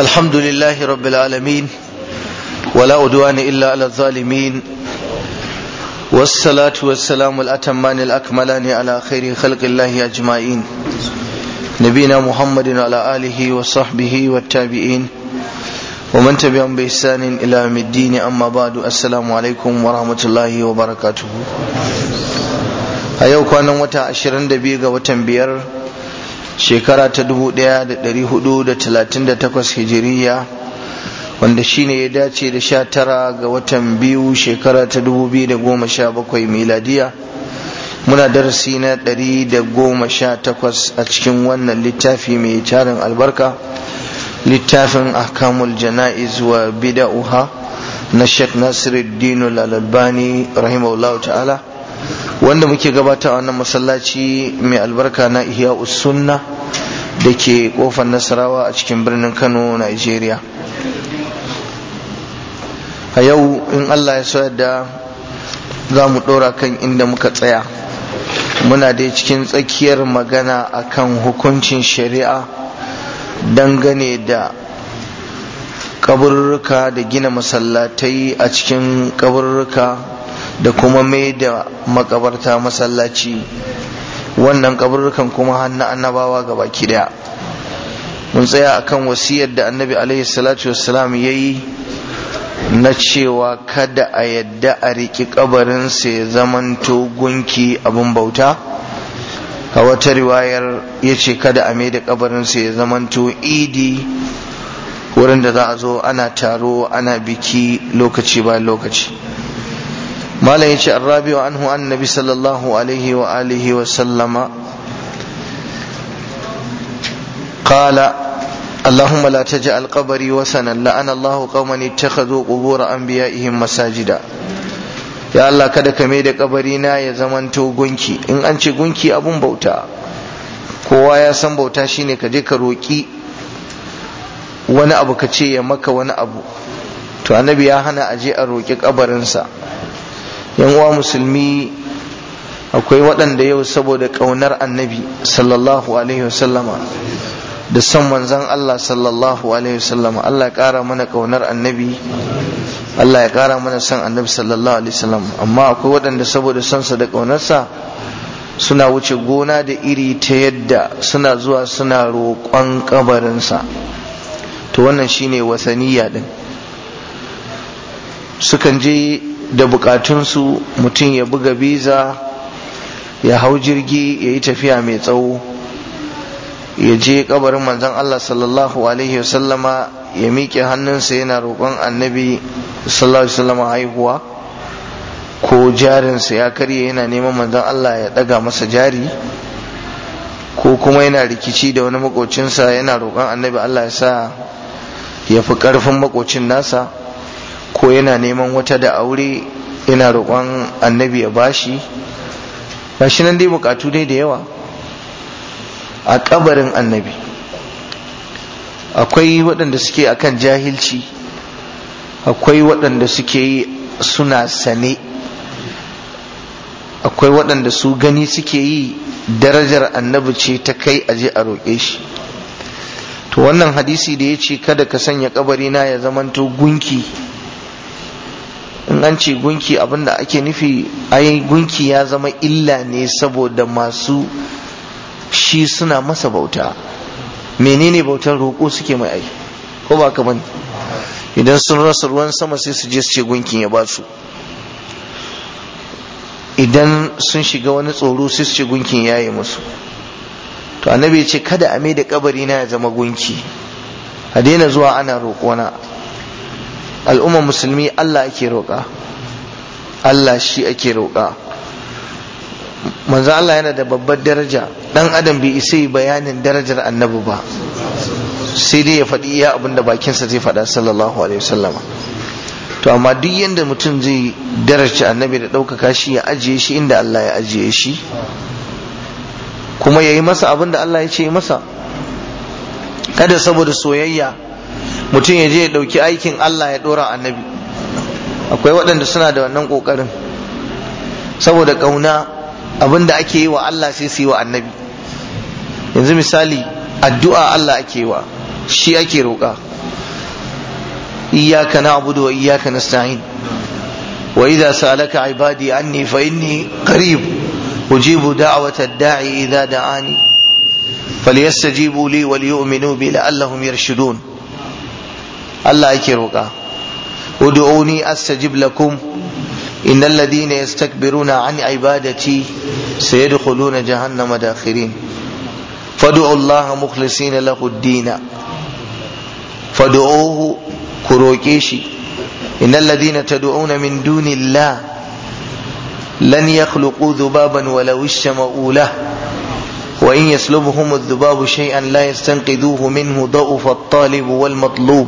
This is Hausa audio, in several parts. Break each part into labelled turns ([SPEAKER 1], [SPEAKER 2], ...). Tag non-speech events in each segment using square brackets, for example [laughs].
[SPEAKER 1] الحمد لله رب العالمين ولا أدوان إلا على الظالمين والصلاة والسلام الأتمان الأكملان على خير خلق الله أجمعين نبينا محمد وعلى آله وصحبه والتابعين ومن تبعهم بإحسان إلى يوم الدين أما بعد السلام عليكم ورحمة الله وبركاته أيوة كان متى عشرين دبيغة وتنبير shekara ta 1438 hijiriya wanda shine ya dace da sha tara ga watan biyu shekara ta 2017 miladiya muna darasi na 118 a cikin wannan littafi mai tarin albarka littafin ahkamul jana'iz wa bida'uha na sheikh nasiru dinu lalabani rahimahullahu ta'ala wanda muke gabata a wannan masallaci mai albarka na ihya sunna da ke kofar nasarawa a cikin birnin kano nigeria a yau in allah ya soya da za mu ɗora kan inda muka tsaya muna da cikin tsakiyar magana a kan hukuncin shari'a dangane da kaburruka da gina masallatai a cikin kaburruka da kuma mai da makabarta masallaci wannan ƙabarrukan kuma hannun annabawa ga baki daya mun tsaya akan wasiyar da annabi alaihi salatu wassalam ya na cewa kada a yadda a riki ƙabarinsa ya zamanto gunki abin bauta a wata riwayar ya ce kada a maida sa ya zamanto idi wurin da za a zo ana taro ana biki lokaci bayan lokaci malam yace arrabi wa anhu annabi sallallahu alaihi wa alihi wa sallama قال اللهم لا تجعل قبري وسنا لعن الله قوما اتخذوا قبور انبيائهم masajida. ya Allah kada ka da kabari na ya zamanto gunki in an ce gunki abun bauta kowa ya san bauta shine kaje ka roki wani abu ka ce ya maka wani abu to annabi ya hana aje a roki ƙabarinsa. yan uwa musulmi akwai waɗanda yau saboda ƙaunar annabi sallallahu alaihi wasallama da son manzan Allah sallallahu alaihi wasallama Allah ya ƙara mana ƙaunar annabi Allah ya ƙara mana son annabi sallallahu alaihi wasallam amma akwai waɗanda saboda sa da ƙaunarsa suna wuce gona da iri ta yadda suna zuwa suna roƙon kabarinsa to wannan shine wasaniya din sukan je da bukatunsu mutum ya buga biza ya hau jirgi ya yi tafiya mai tsawo ya je kabarin manzon Allah sallallahu alaihi wasallama ya miƙe hannunsa yana roƙon annabi sallallahu alaihi wasallama haihuwa ko jarinsa ya karye yana neman manzon Allah ya ɗaga masa jari ko kuma yana rikici da wani makocinsa yana roƙon annabi Allah ya sa ya fi ƙarfin makocin nasa ko yana neman wata da aure yana roƙon annabi ya bashi shi nan dai bukatu ne da yawa a kabarin annabi akwai waɗanda suke akan jahilci akwai waɗanda suke yi suna sane akwai waɗanda su gani suke yi darajar annabi ce ta kai aje a roƙe shi to wannan hadisi da ya ce kada ka sanya kabari na ya zamanto gunki in an ce gunki abinda ake nufi ai gunki ya zama illa ne saboda masu shi suna masa bauta menene bautar roƙo suke mai ai ko ba ka idan sun rasa ruwan sama sai su je su ce gunkin ya ba su idan sun shiga wani tsoro sai su ce gunkin ya yi musu to annabi ya ce kada a mai da kabari na ya zama gunki a daina zuwa ana roƙona al'umman musulmi Allah ake roƙa Allah shi ake roƙa manzo Allah yana da babbar daraja dan adam bai isa bayanin darajar annabi ba sai dai ya faɗi iya abinda bakin bakinsa zai faɗa sallallahu alaihi wasallam to amma duk yanda mutum zai daraja annabi da ɗaukaka shi ya ajiye shi inda Allah ya ajiye shi kuma ya yi masa abin Allah ya ce masa kada saboda soyayya mutum ya je ya ɗauki aikin Allah ya ɗora annabi akwai waɗanda suna da wannan ƙoƙarin saboda ƙauna abin da ake yi wa Allah sai su yi wa annabi yanzu misali addu'a Allah ake wa shi ake roƙa iyyaka na'budu wa iyyaka nasta'in wa idza salaka ibadi anni fa inni qarib ujibu da'wata ad-da'i idza da'ani falyastajibu li wal yu'minu bi la'allahum Allah ake roƙa udu'uni astajib lakum innal ladina yastakbiruna an ibadati sayadkhuluna jahannama dakhirin fad'u Allah mukhlisina lahu ad-din fad'uhu ku roƙe shi innal ladina tad'una min dunillah lan yakhluqu dhubaban walau ishtama'u lahu وإن يسلبهم الذباب شيئا لا يستنقذوه منه ضعف الطالب والمطلوب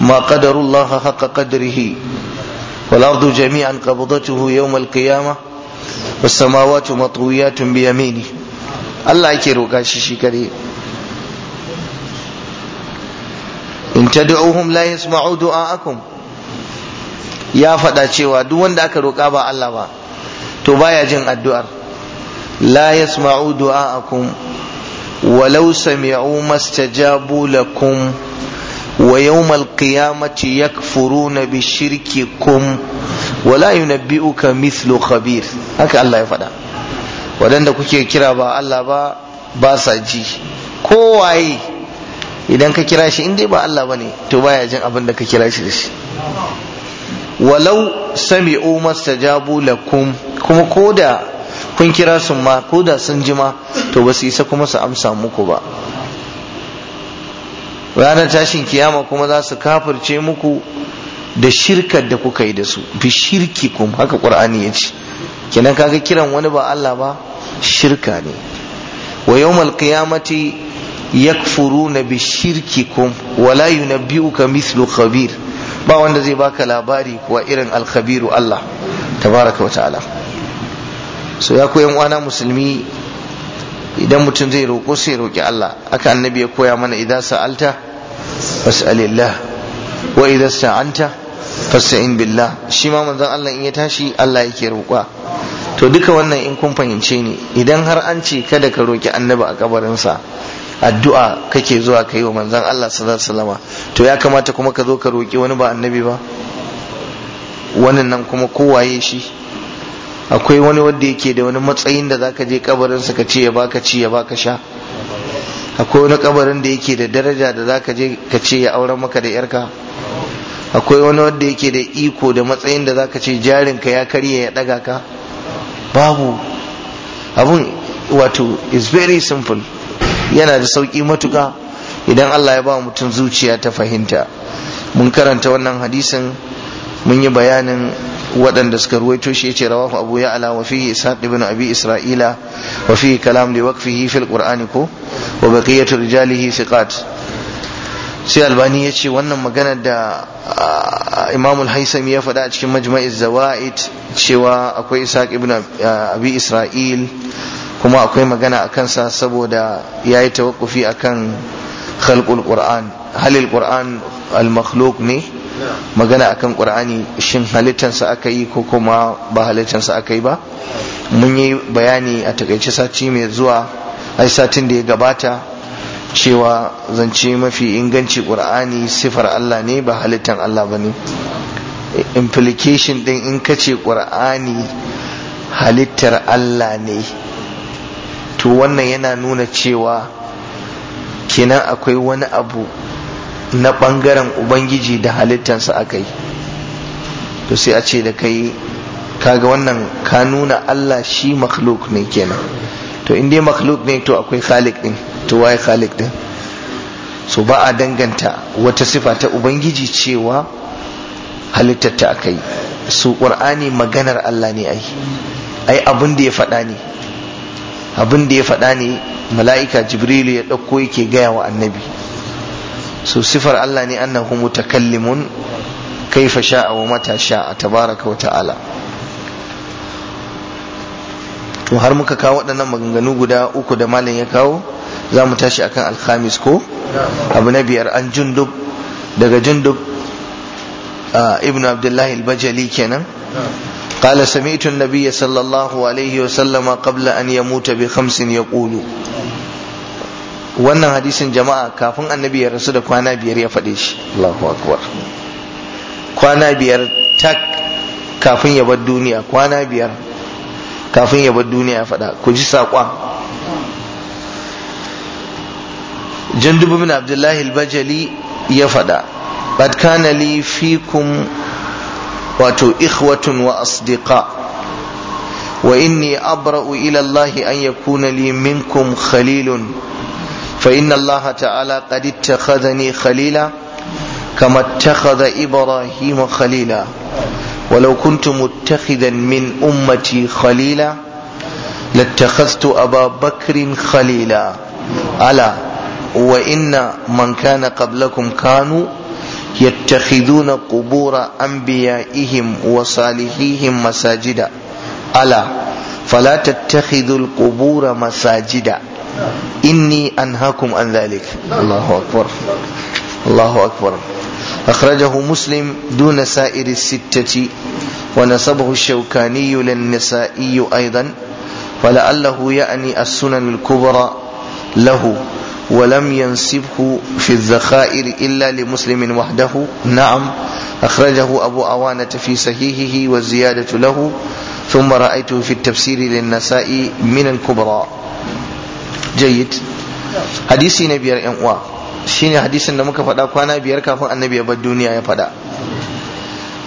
[SPEAKER 1] ما قدروا الله حق قدره والأرض جميعا قبضته يوم القيامة والسماوات مطويات بيمينه الله يكيرو كاشي شكري in tad'uhum la yasma'u du'a'akum ya faɗa cewa duk wanda aka roƙa ba Allah ba to baya jin addu'ar la yasma'u du'a'akum walau sami'u mastajabu wa yawmal qiyamati yakfuruna bi shirkikum wa la yunabbi'uka mithlu khabir haka Allah ya faɗa waɗanda kuke kira ba Allah ba ba sa ji kowaye idan ka kira shi in ba Allah bane to baya jin abin da ka kira shi da shi walau sami'u mastajabu lakum kuma koda kun kira sun ma koda sun jima to ba su isa kuma su amsa muku ba ranar tashin kiyama kuma za su kafirce muku da shirkar da kuka yi da su bi shirki kuma haka ƙur'ani ya ce kenan kaga kiran wani ba Allah ba shirka ne wa yawmal qiyamati yakfuruna bi shirkikum wa la yunabbi'uka mithlu khabir ba wanda zai baka labari kuwa irin alkhabiru Allah tabaraka wa ta'ala so ya koyan uwana musulmi idan mutum zai roƙo sai roƙi Allah aka annabi ya koya mana idan sa'alta was'al Allah wa idza sa'anta fasta'in billah shi ma manzon Allah in ya tashi Allah yake roƙa to duka wannan in kun fahimce ni idan har an ce kada ka roki annabi a sa addu'a kake zuwa kai wa manzon Allah sallallahu alaihi wasallam to ya kamata kuma ka zo ka roki wani ba annabi ba wannan nan kuma kowaye shi akwai wani wanda yake da wani matsayin da zaka je kabarinsa ka ce ya baka ci ya baka sha akwai wani kabarin da yake da daraja da zaka je ka ce ya auren maka da yarka akwai wani wanda yake da iko da matsayin da zaka ce jarin ka ya karye ya daga ka babu abun wato is very simple yana da sauki matuka idan Allah ya ba mutum zuciya ta fahimta mun karanta wannan hadisin mun yi bayanin waɗanda suka ruwaito shi yace rawahu abu ya'la wa fihi ishaq ibn abi isra'ila wa fihi kalam li waqfihi fil qur'ani ko wa baqiyatu rijalihi thiqat sai albani ya ce wannan magana da imamul haisam ya faɗa a cikin majma'iz zawa'id cewa akwai ishaq ibn abi isra'il kuma akwai magana a kansa saboda ya yi tawakufi a kan khalqul qur'an halil qur'an al-makhluq ne magana akan qur'ani shin sa aka yi ko kuma ba sa aka yi ba mun yi bayani a takaice sati mai zuwa ai satin da ya gabata cewa zance mafi inganci qur'ani sifar Allah ne ba halittan Allah ba implication din in kace ce qur'ani halittar Allah ne to wannan yana nuna cewa kenan akwai wani abu na ɓangaren ubangiji da halittansa aka yi to sai a ce da kai kaga wannan ka nuna Allah shi makhluk ne kenan to in dai makhluk ne to akwai khalik din to waye khalik din so ba a danganta wata sifa ta ubangiji cewa halittar ta aka yi su qur'ani maganar Allah ne ai ai abin da ya faɗa ne abin da ya faɗa ne mala'ika jibrilu ya ɗauko yake gaya wa annabi so sifar Allah ne annahu mutakallimun kaifa sha'a wa mata sha'a tabaraka wa ta'ala to har muka kawo waɗannan maganganu guda uku da malam ya kawo za mu tashi akan alkhamis ko abu na biyar an jundub daga jundub ibn abdullahi al-bajali kenan قال سمعت النبي صلى الله عليه وسلم قبل أن يموت بخمس يقول wannan hadisin jama'a kafin annabi ya rasu da kwana biyar ya faɗe shi Allahu akbar kwana biyar tak kafin ya bar duniya kwana biyar kafin ya bar duniya ya faɗa ku ji saƙon جندب بن عبد الله البجلي يفدا قد كان wato Ikhwatun wa Asdiqa. Wa inni أبرأ إلى الله أن يكون لي منكم Khalilun. فإن الله تعالى قد اتخذني خليلا كما اتخذ إبراهيم خليلا ولو كنت متخذا من أمتي خليلا لاتخذت أبا بكر خليلا ألا وإن من كان قبلكم كانوا يتخذون قبور أنبيائهم وصالحيهم مساجدا ألا fala tattakhidul qubura masajida inni anhaakum an dhalik Allahu akbar Allahu akbar أخرجه مسلم دون سائر الستة ونسبه الشوكاني للنسائي أيضا ولعله يعني السنن الكبرى له ولم ينسبه في الذخائر إلا لمسلم وحده نعم أخرجه أبو عوانة في صحيحه والزيادة له ثم رأيته في التفسير للنساء من الكبرى جيد حديثي نبي أنواع shine hadisin da muka faɗa kwana biyar kafin annabi ya bar duniya ya faɗa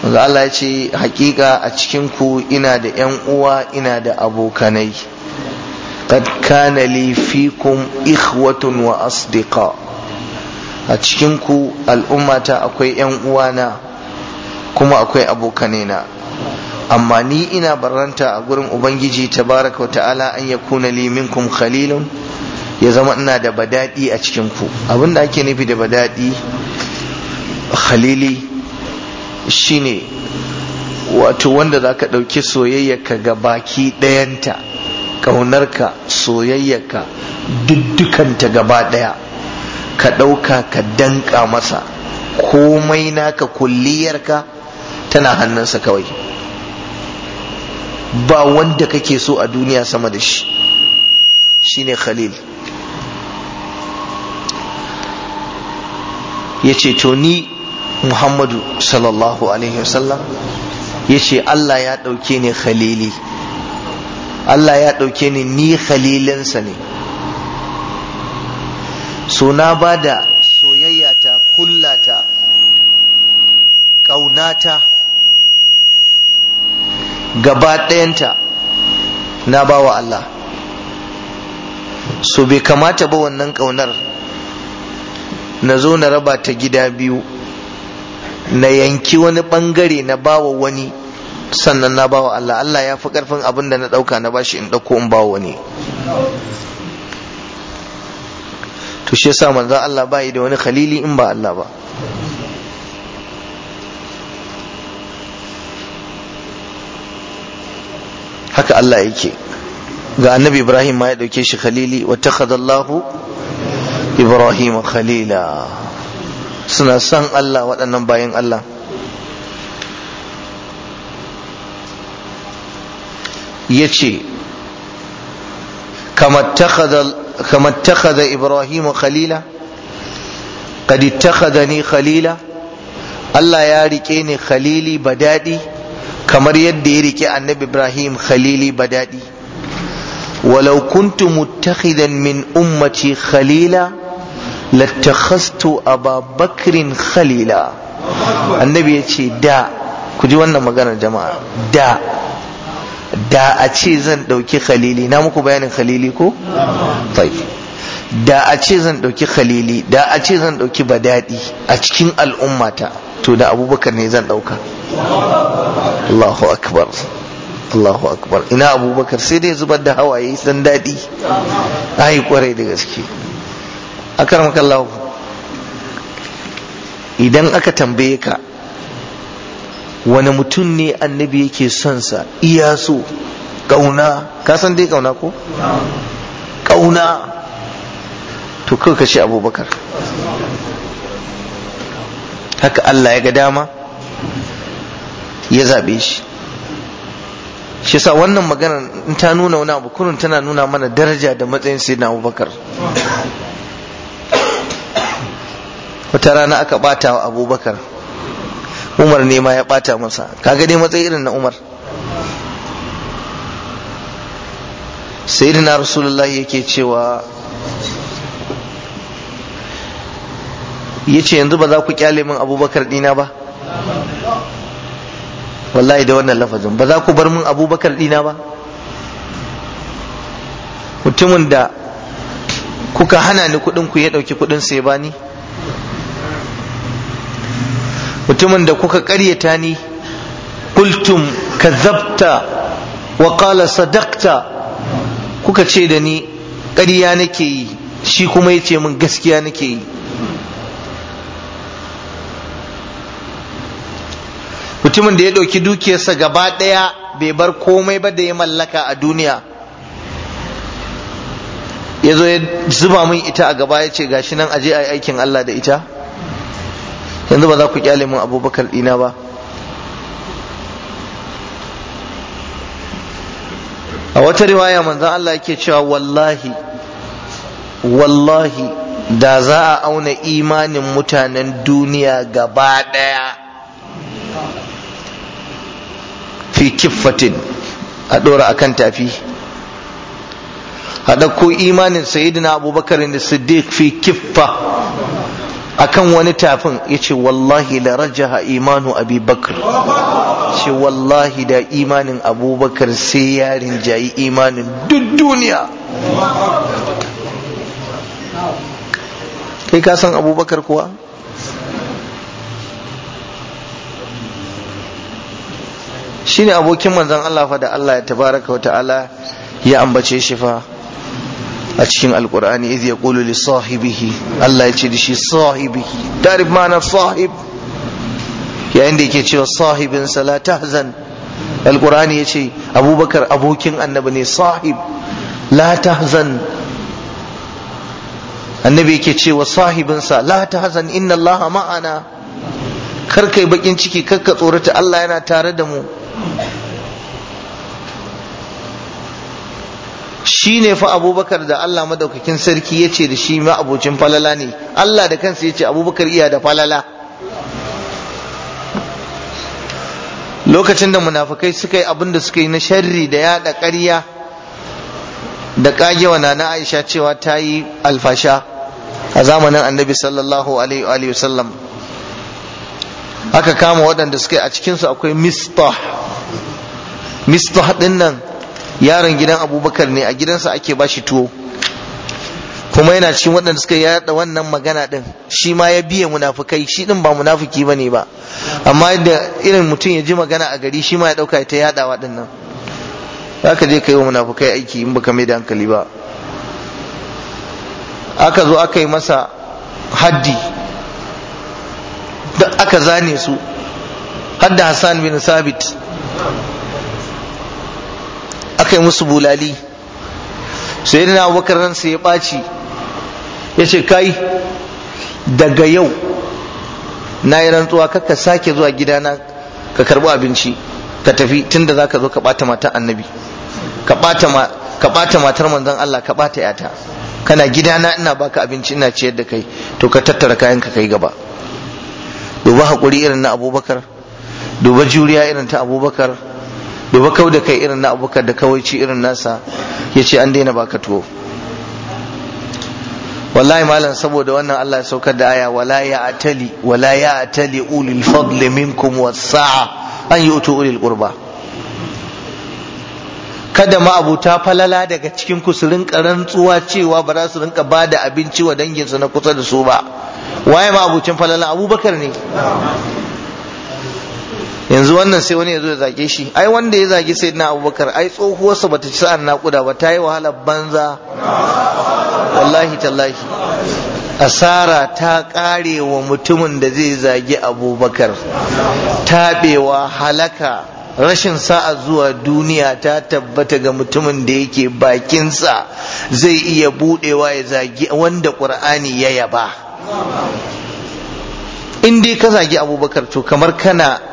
[SPEAKER 1] manzo Allah ya ce hakika a cikin ku ina da ƴan uwa ina da abokanai qad kana fikum ikhwatun wa asdiqa a cikinku ku al'ummata akwai ƴan uwana kuma akwai abokanai na amma ni ina baranta a gurin ubangiji tabaraka ta'ala an yakuna li minkum khalilun ya zama ina da badadi a cikin ku abinda ake nufi da badadi khalili shine wato wanda zaka dauki soyayyarka ga baki dayanta kaunarka soyayyarka duddukanta gaba daya ka dauka ka danka masa komai naka kulliyarka tana hannunsa kawai ba wanda kake so a duniya sama da shi shine khalil ya ce to ni muhammadu sallallahu alaihi wasallam ya ce allah ya ɗauke ni khalili allah ya ɗauke ni ni khalilinsa ne so na ba da soyayyata kullata ƙaunata gaba ɗayanta na bawa Allah su bai kamata ba wannan ƙaunar na zo na raba ta gida biyu na yanki wani ɓangare na bawa wani sannan na bawa Allah Allah ya fi ƙarfin abin da na ɗauka na bashi in ɗauko in bawa wani to shi yasa manzon Allah bai da wani khalili in ba Allah ba haka Allah yake ga annabi Ibrahim ma ya dauke shi khalili wa takhadallahu Ibrahim khalila suna san Allah waɗannan bayan Allah ya ce kama takhada Ibrahim khalila kadi takhada ni khalila Allah ya rike ni khalili ba daɗi kamar yadda ya rike annabi ibrahim khalili badadi walau kuntu muttakhidan min ummati khalila lattakhastu ababakrin khalila annabi ya ce da ku ji wannan maganar jama'a da da a ce zan ɗauki khalili na muku bayanin khalili ko? da a ce zan ɗauki khalili da a ce zan ɗauki Badaɗi, a cikin al'ummata to da abubakar ne zan ɗauka Allahu akbar Allahu akbar ina abubakar sai dai zubar da hawaye san daɗi ai kwarai da gaske akaram kallahu idan aka tambaye ka wani mutum ne annabi yake son sa iya so kauna ka san dai kauna ko kauna to kawai ka ce abubakar haka Allah ya ga dama ya zaɓe shi shi yasa wannan magana in ta nuna wani abu kurun tana nuna mana daraja da matsayin na abubakar wata rana aka ɓata wa abubakar umar ne ma ya ɓata masa ka gani matsayi irin na umar sayyidina rasulullahi yake cewa ce yanzu ba za ku kyale min abubakar dina ba wallahi da wannan lafazin ba za ku bar min abubakar dina ba mutumin da kuka hana ni kudin ku ya dauki kudin sai bani mutumin da kuka karyata ni qultum kazabta wa qala sadaqta kuka ce da ni ƙarya nake yi shi kuma yace min gaskiya nake yi mutumin da ya ɗauki dukiyarsa gaba ɗaya bai bar komai ba da ya mallaka a duniya ya zo ya zuba min ita a gaba ya ce gashi nan aje a yi aikin Allah da ita yanzu ba za ku kyale min abubakar ɗina ba a wata riwaya manzon Allah yake cewa wallahi wallahi da za a auna imanin mutanen duniya gaba ɗaya fi kiffatin a ɗora a kan tafi a ɗauko imanin sayidina abubakar da siddiq fi kiffa a kan wani tafin ya ce wallahi la rajaha imanu abubakar ce wallahi da imanin abubakar sai ya rinjayi imanin duk duniya kai ka san abubakar kuwa shine abokin manzon Allah fa da Allah ya tabaraka ta'ala ya ambace shi fa a cikin alkur'ani idh yaqulu li sahibihi Allah ya ce da shi sahibihi darib ma'ana sahib yayin da yake cewa sahibin la tahzan alkur'ani ya ce abubakar abokin annabi ne sahib la tahzan annabi yake cewa sahibinsa la tahzan inna allaha ma'ana kar kai bakin ciki kar ka tsorata Allah yana tare da mu shi ne fa abubakar da Allah madaukakin sarki ya ce da shi ma abocin falala ne Allah da kansa ya ce abubakar iya da falala lokacin da munafukai suka yi abin da suka yi na sharri da yaɗa karya da kagewa na na aisha cewa ta yi alfasha a zamanin annabi sallallahu alaihi wa sallam aka kama waɗanda suka yi a cikinsu akwai mistah mistah ɗin nan yaron gidan abubakar ne a gidansa ake bashi tuwo kuma yana cikin waɗanda suka yaɗa wannan magana ɗin shi ma ya biya munafukai shi ɗin ba munafuki ba ne ba amma da irin mutum ya ji magana a gari shi ma ya ɗauka ta yaɗa waɗannan za ka je ka yi wa munafukai aiki in baka mai da hankali ba aka zo aka yi masa haddi da aka zane su hadda hassan bin sabit aka yi musu bulali sai yana abubakar ransa ya ɓaci ya ce kai daga yau na yi rantsuwa kakka sake zuwa gidana ka karbi abinci ka tafi tunda za ka zo ka ɓata matan annabi ka ɓata matar manzon Allah ka ɓata yata kana gidana ina baka abinci ina ciyar da kai to ka tattara kayan ka kai gaba duba haƙuri irin na abubakar duba juriya irin ta abubakar duba kau da kai irin na abubakar da ci irin nasa ya ce an daina baka tuwo wallahi malam saboda wannan Allah ya saukar da aya wala ya atali wala ya atali ulil fadli minkum wasa'a an yi utu ulil qurba kada ma'abuta falala daga cikin ku su rinka rantsuwa cewa ba za su rinka ba da abinci wa danginsu na kusa da su ba waye abucin falala abubakar ne yanzu wannan sai wani ya zo ya zage shi ai wanda ya zage sai na abubakar ai tsohuwarsa bata ci sa'an naƙuda ba ta yi wahalar banza wallahi tallahi asara ta ƙare wa mutumin da zai zage abubakar taɓewa halaka rashin sa'a zuwa duniya ta tabbata ga mutumin da yake bakinsa zai iya buɗewa ya zage wanda ƙur'ani ya yaba in dai ka zage abubakar to kamar kana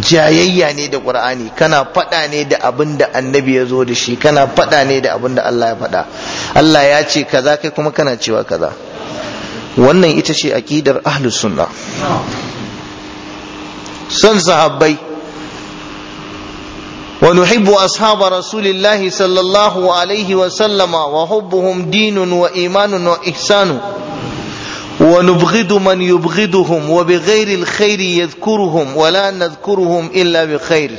[SPEAKER 1] jayayya ne da qur'ani kana faɗa ne da abin da annabi ya zo da shi kana faɗa ne da abin da Allah ya faɗa Allah ya ce kaza kai kuma kana cewa kaza wannan ita ce aqidar ahlus sunna son sahabbai wa rasulillahi sallallahu alaihi wa sallama wa hubbuhum dinun wa imanun wa وإحسان ونبغض من يبغضهم وبغير الخير يذكرهم ولا نذكرهم إلا بخير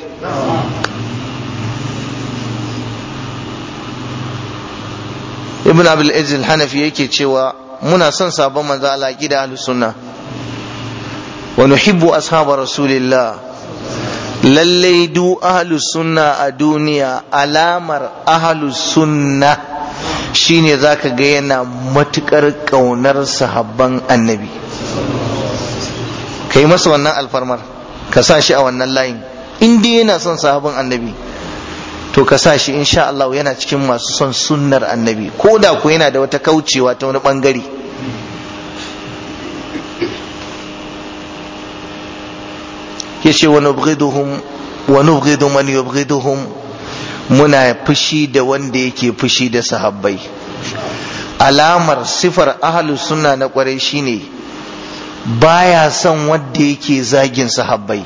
[SPEAKER 1] ابن abul aziz al-hanafi yake cewa muna son sabon manzo Allah gida ahlus sunna wa nuhibbu ashab rasulillah Lallai du ahlus sunna a duniya alamar ahlus sunna shine zaka ga yana matukar ƙaunar sahabban annabi kai masa wannan alfarmar ka sa shi a wannan layin in dai yana son sahabban annabi to ka sa shi insha Allah yana cikin masu son sunnar annabi ko da ku yana da wata kaucewa ta wani bangare yace wa nubghiduhum wa nubghidu man yubghiduhum muna fushi da wanda yake fushi da sahabbai alamar sifar ahalu sunna na kwarai shine baya son wanda yake zagin sahabbai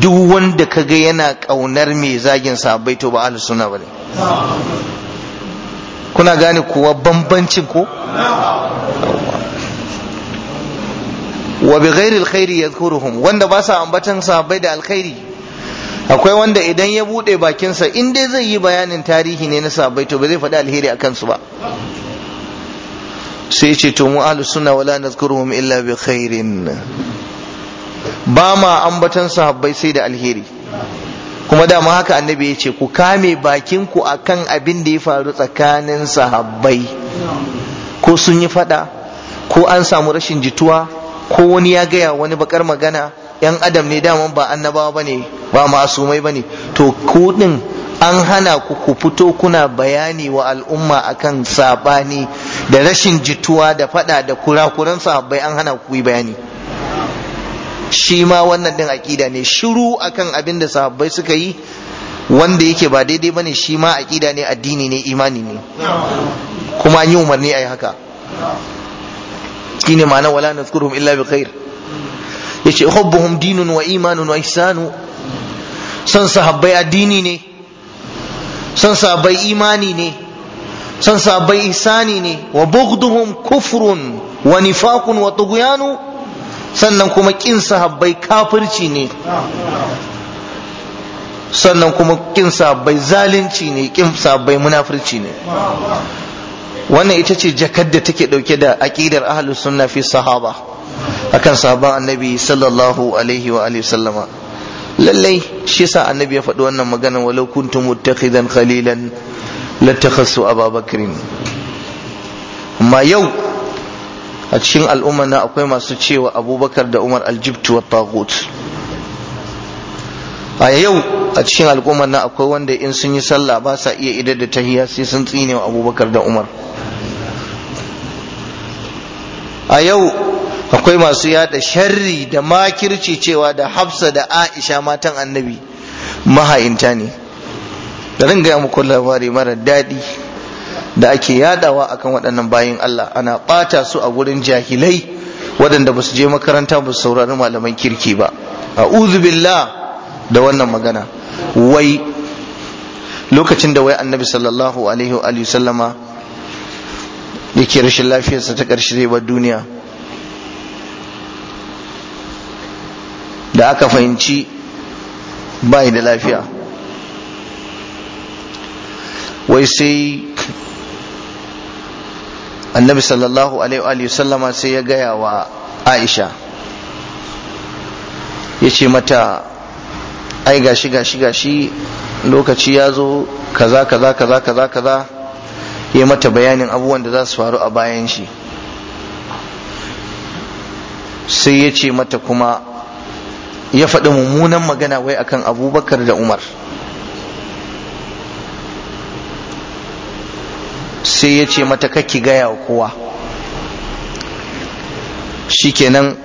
[SPEAKER 1] duk wanda kaga yana kaunar mai zagin sahabbai to ba ahalu sunna bane kuna gane kuwa bambancin ko wa bi ghairi alkhairi yadhkuruhum wanda ba sa ambatan sahabbai da alkhairi akwai wanda idan ya buɗe bakinsa in dai zai yi bayanin tarihi ne na sahabbai to ba zai faɗi alheri akan su ba sai ce to mu ahlus sunna wala nazkuruhum illa bi khairin ba ma ambatan sahabbai sai da alheri kuma dama haka annabi ya ce ku kame bakin ku akan abin da ya faru tsakanin sahabbai ko sun yi faɗa, ko an samu rashin jituwa ko wani ya gaya wani bakar magana yan adam ne dama ba annabawa bane ba ma'asumai bane to ku an hana ku ku fito kuna bayani wa al'umma akan sabani da rashin jituwa da fada da kurakuran sahabbai an hana ku yi bayani shi ma wannan din akida ne shiru akan abin da sahabbai suka yi wanda yake ba daidai bane shi ma akida ne addini ne imani ne kuma an yi umarni a yi haka shine ma'ana wala nazkuruhum illa bi khair yace hubbuhum dinun wa imanun wa ihsanu san sahabbai addini ne san sahabbai imani ne san sahabbai ihsani ne wa bughduhum kufrun wa nifaqun wa tughyanu sannan kuma kin sahabbai kafirci ne sannan kuma kin sahabbai zalunci ne kin sahabbai munafirci ne wannan ita ce jakar da take dauke da aqidar ahlus sunna fi sahaba akan sahaban annabi sallallahu alaihi wa alihi sallama lallai shi yasa annabi ya faɗi wannan magana walau kuntum muttakhidan qalilan latakhassu ababakrin amma yau a cikin al'umma na akwai masu cewa abubakar da umar aljibtu wa tagut a yau a cikin al'umma na akwai wanda in sun yi sallah ba sa iya idar da tahiya sai sun tsine wa abubakar da umar a yau akwai masu yada sharri da makirci cewa da hafsa da aisha matan annabi maha'inta ne da zan gaya muku labari mara daɗi da ake yadawa akan waɗannan bayin Allah ana ɓata su a gurin jahilai waɗanda ba su je makaranta ba su saurari malaman kirki ba a'udhu billah da wannan magana wai lokacin da wai annabi sallallahu alaihi wa sallama yake rashin lafiyarsa ta ƙarshe zai duniya da aka fahimci bai da lafiya wai sai annabi sallallahu alaihi sallama sai ya gaya wa aisha ya ce mata ai gashi gashi gashi lokaci ya zo kaza kaza kaza kaza kaza ya mata bayanin abubuwan da za su faru a bayan shi sai ya ce mata kuma ya faɗi mummunan magana wai akan abubakar da umar sai ya ce mata kakki gaya wa kowa shi shikenan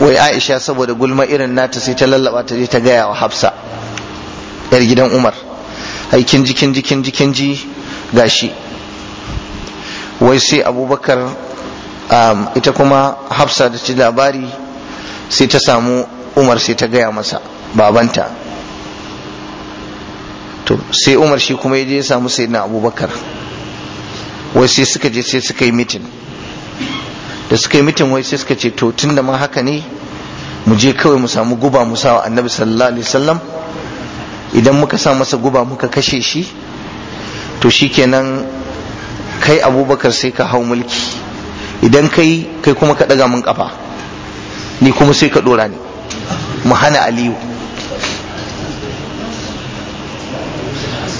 [SPEAKER 1] wai aisha saboda gulma irin nata sai ta lallaba ta je ta gaya wa hafsa yar gidan umar aikin jikin jikin jikin ji gashi wai sai abubakar um, ita kuma hafsa da ci labari sai ta samu umar sai ta gaya masa babanta to sai umar shi kuma ya je ya samu sayyidina abubakar wai sai suka je sai suka yi mitin da suka yi mitin wai sai suka ce to tun da ma haka ne mu je kawai mu samu guba mu wa annabi sallallahu alaihi wasallam idan muka sa masa guba muka kashe shi to shikenan kai abubakar sai ka hau mulki idan kai kai kuma ka daga mun kafa ni kuma sai ka dora ni mu hana aliyu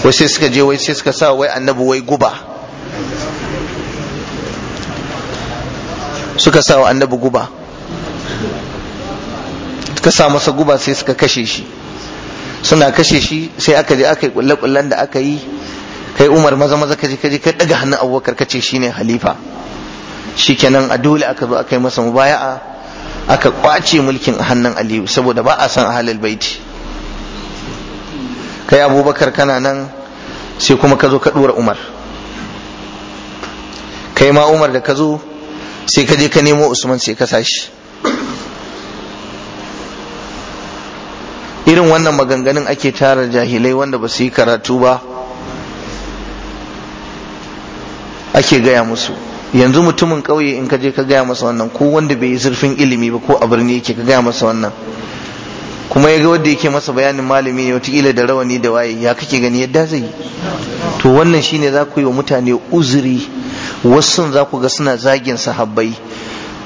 [SPEAKER 1] wasu suka je wai sai suka sa wai annabi wai guba suka sa wa annabi guba suka sa masa guba sai suka kashe shi suna kashe shi sai aka je aka yi kulle-kullen da aka yi kai umar maza maza kaje kaje ka daga hannun abubakar shi ne halifa shikenan a dole aka zo aka yi masa mubaya'a aka kwace mulkin hannun aliyu saboda ba a san ahalul baiti kai abubakar kana nan sai kuma ka zo ka dora umar kai ma umar da ka zo sai ka je ka nemo usman sai ka sashi irin wannan maganganun ake tara jahilai wanda ba su yi karatu ba ake gaya musu yanzu mutumin ƙauye in ka je ka gaya masa wannan ko wanda bai yi zurfin ilimi ba ko a birni yake ka gaya masa wannan kuma ya ga wanda yake masa bayanin malami ne wataƙila da rawani da waye ya kake gani yadda zai yi to wannan shine za ku yi wa mutane uzuri wasu za ku ga suna zagin sahabbai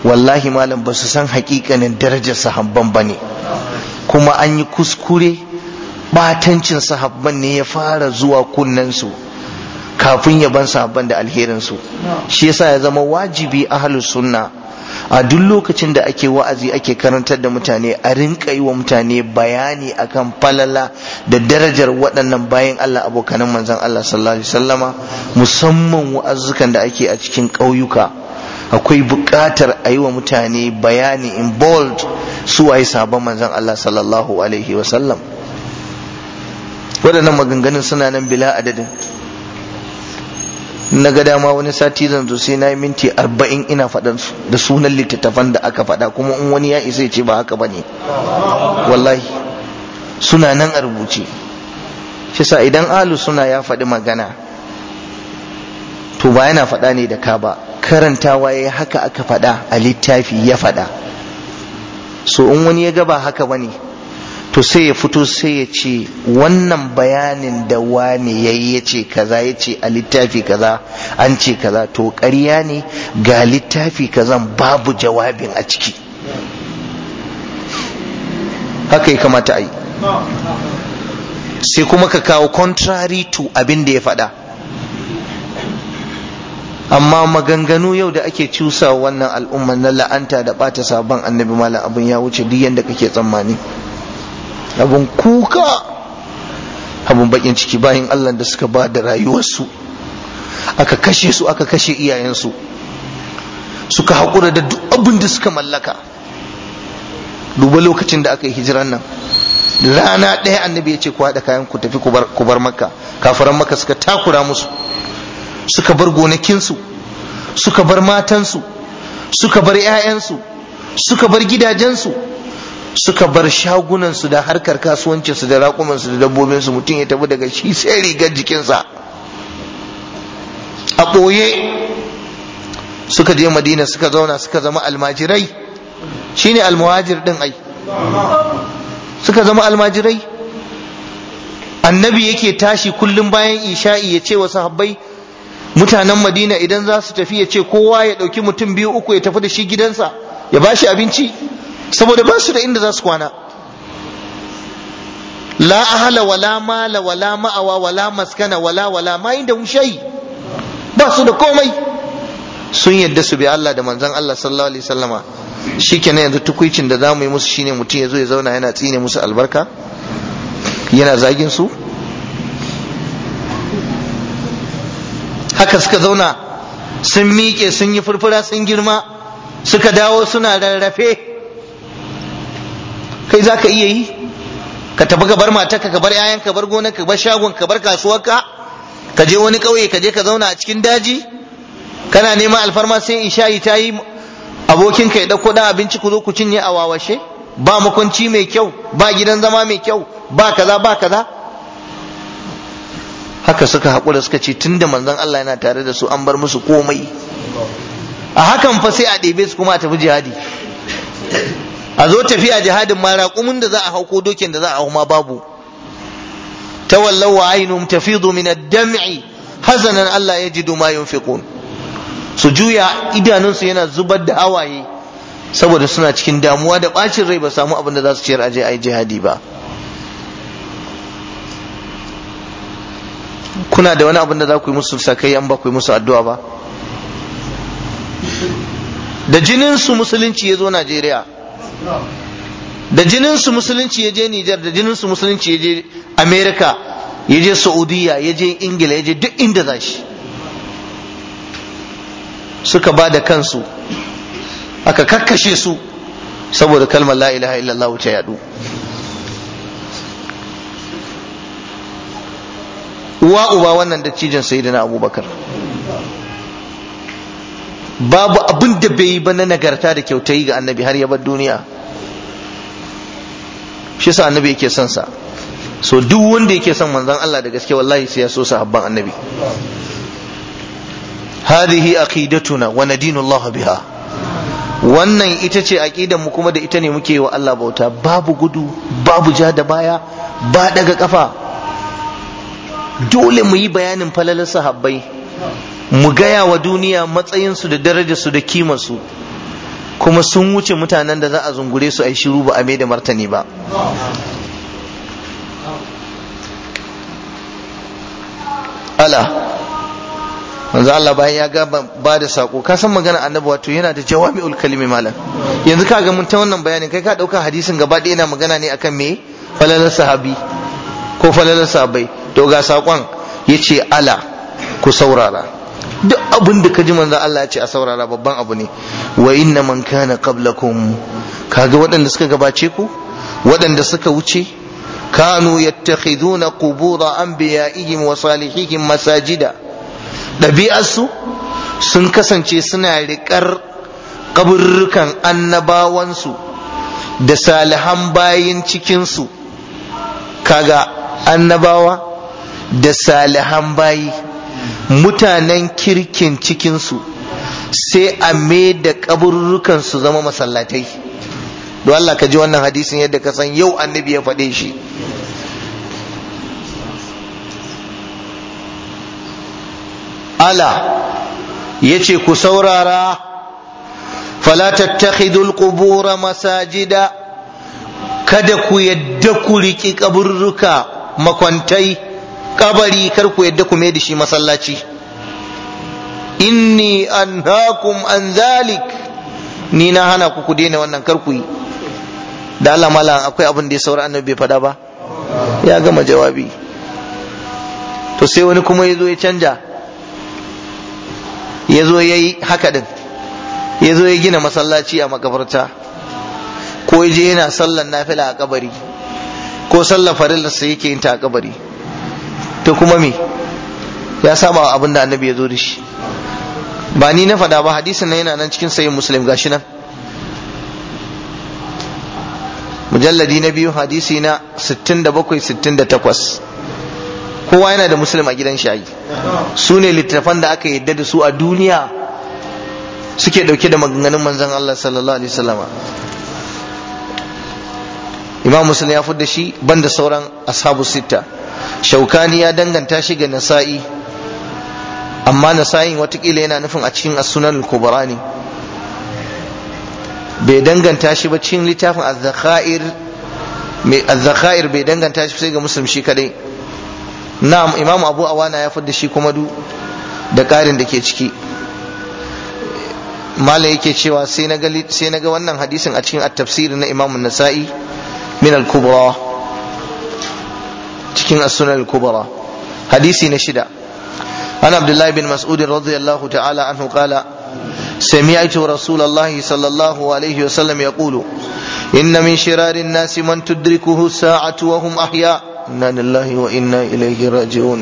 [SPEAKER 1] wallahi malam ba su san haƙiƙanin darajar sahabban ba ne kuma an yi kuskure batancin sahabban ne ya fara zuwa kunnensu su kafin ya ban sabon da alherin su shi yasa ya zama wajibi ahlus sunna a duk lokacin da ake wa'azi ake karantar da mutane a rinka yi wa mutane bayani akan falala da darajar waɗannan bayan Allah abokanan manzon Allah sallallahu alaihi wasallama musamman wa'azukan da ake a cikin ƙauyuka akwai buƙatar a yi wa mutane bayani in bold su waye sabon manzon Allah sallallahu alaihi wasallam waɗannan maganganun suna nan bila adadin na ga dama wani sati zan zo sai na yi minti arba'in ina faɗan su da sunan littattafan da aka faɗa kuma in wani ya isa ce ba haka bane wallahi suna nan a rubuce shi sa idan alu suna ya faɗi magana to ba yana faɗa ne da ka ba karantawa ya haka aka faɗa a littafi ya faɗa so in wani ya ga ba haka bane to sai ya fito sai ya ce wannan bayanin da wani ya yi ya ce kaza ya ce a littafi kaza an ce kaza to ƙarya ne ga littafi kazan babu jawabin a ciki haka ya kamata a yi sai kuma ka kawo contrary to abin da ya faɗa amma maganganu yau da ake cusa wannan al'ummar na la'anta da ɓata sabon annabi malam abin ya wuce duk yadda kake tsammani abun kuka abun bakin ciki bayan Allah da suka ba da rayuwarsu aka kashe su aka kashe iyayensu suka haƙura da duk abin da suka mallaka duba lokacin da aka yi hijiran nan rana ɗaya annabi ya ce ku haɗa kayan ku tafi ku bar makka kafiran makka suka takura musu suka bar gonakinsu suka bar matansu suka bar 'ya'yansu suka bar gidajensu suka bar shagunansu da harkar kasuwancinsu da raƙumansu da dabbobinsu mutum ya tafi daga shi sai rigar jikinsa a ɓoye suka je madina suka zauna suka zama almajirai shine almuhajir ɗin ai suka zama almajirai annabi yake tashi kullum bayan isha'i ya ce wa sahabbai mutanen madina idan za su tafi ya ce kowa ya ɗauki mutum biyu uku ya tafi da shi gidansa ya ba shi abinci saboda ba su da inda za su kwana la ahala wala mala wala ma'awa wala maskana wala wala ma inda shayi ba su da komai sun yadda su bi Allah da manzon Allah sallallahu alaihi wasallama shikenan yanzu tukuicin da zamu yi musu shine mutum ya zo ya zauna yana tsine musu albarka yana zagin su haka suka zauna sun miƙe sun yi furfura sun girma suka dawo suna rarrafe kai za ka iya yi ka tafi ka bar matarka ka bar 'ya'yanka ka bar gonar ka bar shagon ka bar kasuwarka ka je wani ƙauye ka je ka zauna a cikin daji kana neman alfarma sai in shayi ta yi abokin ka ya ɗauko ɗan abinci ku zo ku cinye a wawashe ba makwanci mai kyau ba gidan zama mai kyau ba kaza ba kaza haka suka haƙura suka ce tun da manzon Allah yana tare da su an bar musu komai a hakan fa sai a ɗebe su kuma a tafi jihadi a zo tafiya jihadin ma raƙumin da za a hauko dokin da za a hau ma babu tawallaw wa aynum tafidu min ad-dam'i hazanan Allah yajidu ma yunfiqun su juya idanunsu yana zubar da hawaye saboda suna cikin damuwa da bacin rai ba samu abin da za su ciyar aje ai jihadi ba kuna da wani abin da za ku yi musu sakai an ba ku yi musu addu'a ba da jininsu musulunci ya zo Najeriya da jinin su musulunci ya je Nijar da jinin su musulunci ya je America ya je Saudiya ya je Ingila ya je duk inda za shi suka ba da kansu aka kakkashe su saboda kalmar la ilaha illallah ta yadu uwa uba wannan da cijin sayyidina abubakar babu abin da bai yi ba na nagarta da kyautayi ga annabi har ya bar duniya shi yasa annabi yake son sa so duk wanda yake son manzon Allah da gaske wallahi sai ya so sahabban annabi hadihi aqidatuna wa nadinu Allah biha wannan ita ce aqidan mu kuma da ita ne muke wa Allah bauta babu gudu babu ja da baya ba daga kafa dole mu yi bayanin falalar sahabbai mu gaya wa duniya matsayinsu da darajarsu da kimarsu kuma sun wuce mutanen da za a zungure su a yi shiru ba a mai da martani ba ala manzo Allah bayan ya ga ba da sako kasan san magana annabi wato yana da jawami'ul kalimi malam yanzu ka ga mun ta wannan bayanin kai ka ɗauka hadisin gaba ɗaya yana magana ne akan me falalar sahabi ko falalar sahabai to ga sakon yace ala ku saurara duk abin da ka ji manzon Allah ya ce a saurara babban abu ne wa inna man kana qablakum kaga waɗanda suka gabace ku waɗanda suka wuce kanu yattakhiduna qubura anbiya'ihim wa salihihim masajida ɗabi'arsu sun kasance suna riƙar kaburrukan annabawansu da salihan bayin cikinsu kaga annabawa da salihan bayi mutanen kirkin cikinsu sai a me da kaburrukan su zama masallatai don Allah ka ji wannan hadisin yadda ka san yau annabi ya faɗe shi ala ya ce ku saurara fala tattakhidul qubura masajida kada ku yadda ku riƙi kaburruka makwantai kabari kar ku yadda ku da shi masallaci inni anhaakum an zalik ni na hana ku ku daina wannan kar ku yi da Allah malam akwai abin da ya saura annabi bai faɗa ba ya gama jawabi to sai wani kuma ya zo ya canja ya zo ya yi haka din ya zo ya gina masallaci a makabarta ko ya je yana sallan nafila a kabari ko sallar farillarsa yake yin ta a kabari to kuma me ya saba abin da annabi ya zo da shi ba ni na faɗa ba hadisin nan yana nan cikin sayin muslim gashi nan mujalladi na biyu hadisi na 67-68 kowa yana da muslim a gidan shayi su ne littattafan da aka yadda da su a duniya suke dauke da maganganun manzon Allah sallallahu alaihi wasallama imam muslim ya fudda shi banda sauran ashabu Sita, shaukani ya danganta shi ga nasa'i amma nasa'in watakila yana nufin a cikin asunan al-kubra ne bai danganta shi ba cikin littafin az-zakhair bai danganta shi sai ga muslim shi kadai na imam abu awana ya fudda shi kuma du da karin da ke ciki mala yake cewa sai na ga wannan hadisin a cikin at-tafsir na imam nasai min al-kubra cikin as-sunan al-kubra hadisi na shida an abdullahi bin mas'ud radiyallahu ta'ala anhu qala سمعت رسول الله صلى الله عليه وسلم يقول إن من شرار الناس من تدركه الساعة وهم أحياء إنا لله وإنا إليه راجعون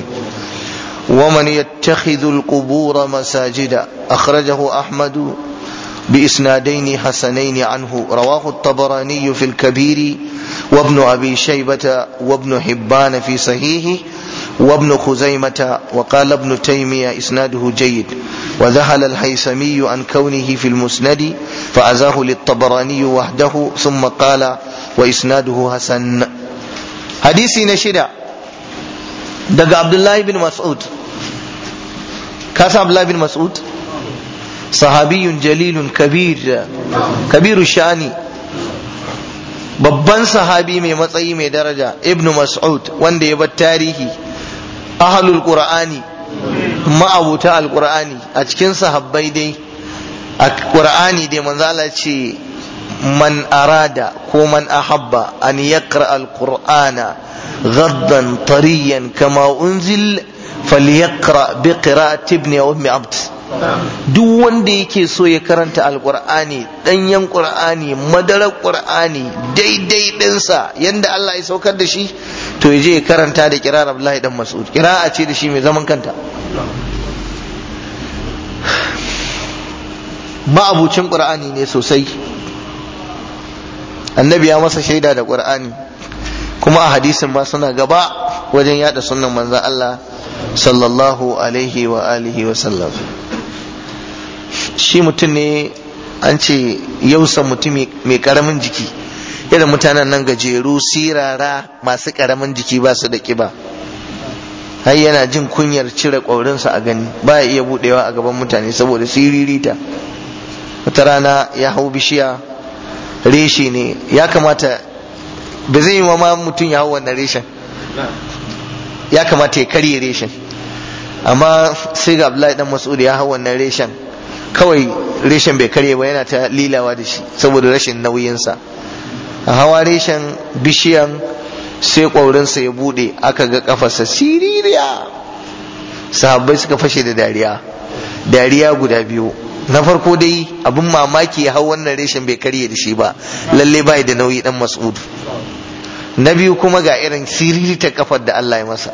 [SPEAKER 1] ومن يتخذ القبور مساجدا أخرجه أحمد بإسنادين حسنين عنه رواه الطبراني في الكبير وابن أبي شيبة وابن حبان في صحيحه وابن خزيمة وقال ابن تيمية إسناده جيد وذهل الهيثمي عن كونه في المسند فأزاه للطبراني وحده ثم قال وإسناده حسن حديثي نشدة دق عبد الله بن مسعود كاس عبد الله بن مسعود sahabiyun jalilun kabir kabiru shani babban sahabi mai matsayi mai daraja ibnu mas'ud wanda ya bar tarihi ahlul qur'ani ma'abuta alqur'ani a cikin sahabbai dai a qur'ani dai manzo Allah ce man arada ko man ahabba an yaqra alqur'ana غضا طريا duk wanda yake so ya karanta alkur'ani ɗanyen ƙur'ani madarar ƙur'ani daidai ɗinsa yadda Allah ya saukar da shi to ya je ya karanta da kirar Abdullahi dan Mas'ud kira'a ce da shi mai zaman kanta ba abucin ƙur'ani ne sosai annabi ya masa shaida da ƙur'ani kuma a hadisin ma suna gaba wajen yada sunnan manzon Allah sallallahu alaihi wa alihi wa sallam shi mutum ne an ce yausa mutum mai karamin jiki irin mutanen nan gajeru sirara masu karamin jiki ba su da kiba har yana jin kunyar cire ƙwaurinsa a gani ba ya iya buɗewa a gaban mutane saboda siririta wata rana ya hau bishiya reshe ne ya kamata da zai yi ma mutum ya hau wannan reshen ya kamata ya karye reshen amma sai ga Abdullahi dan Mas'ud ya hau wannan reshen kawai reshen bai karye ba yana ta lilawa da shi saboda rashin nauyinsa a hawa reshen bishiyan sai ƙwaurinsa ya bude aka ga ƙafarsa siririya sahabbai suka fashe da dariya dariya guda biyu na farko dai abin mamaki ya hau wannan reshen bai karye da shi ba lalle bai da nauyi dan mas'ud na biyu kuma ga irin siriri ta kafar da Allah ya masa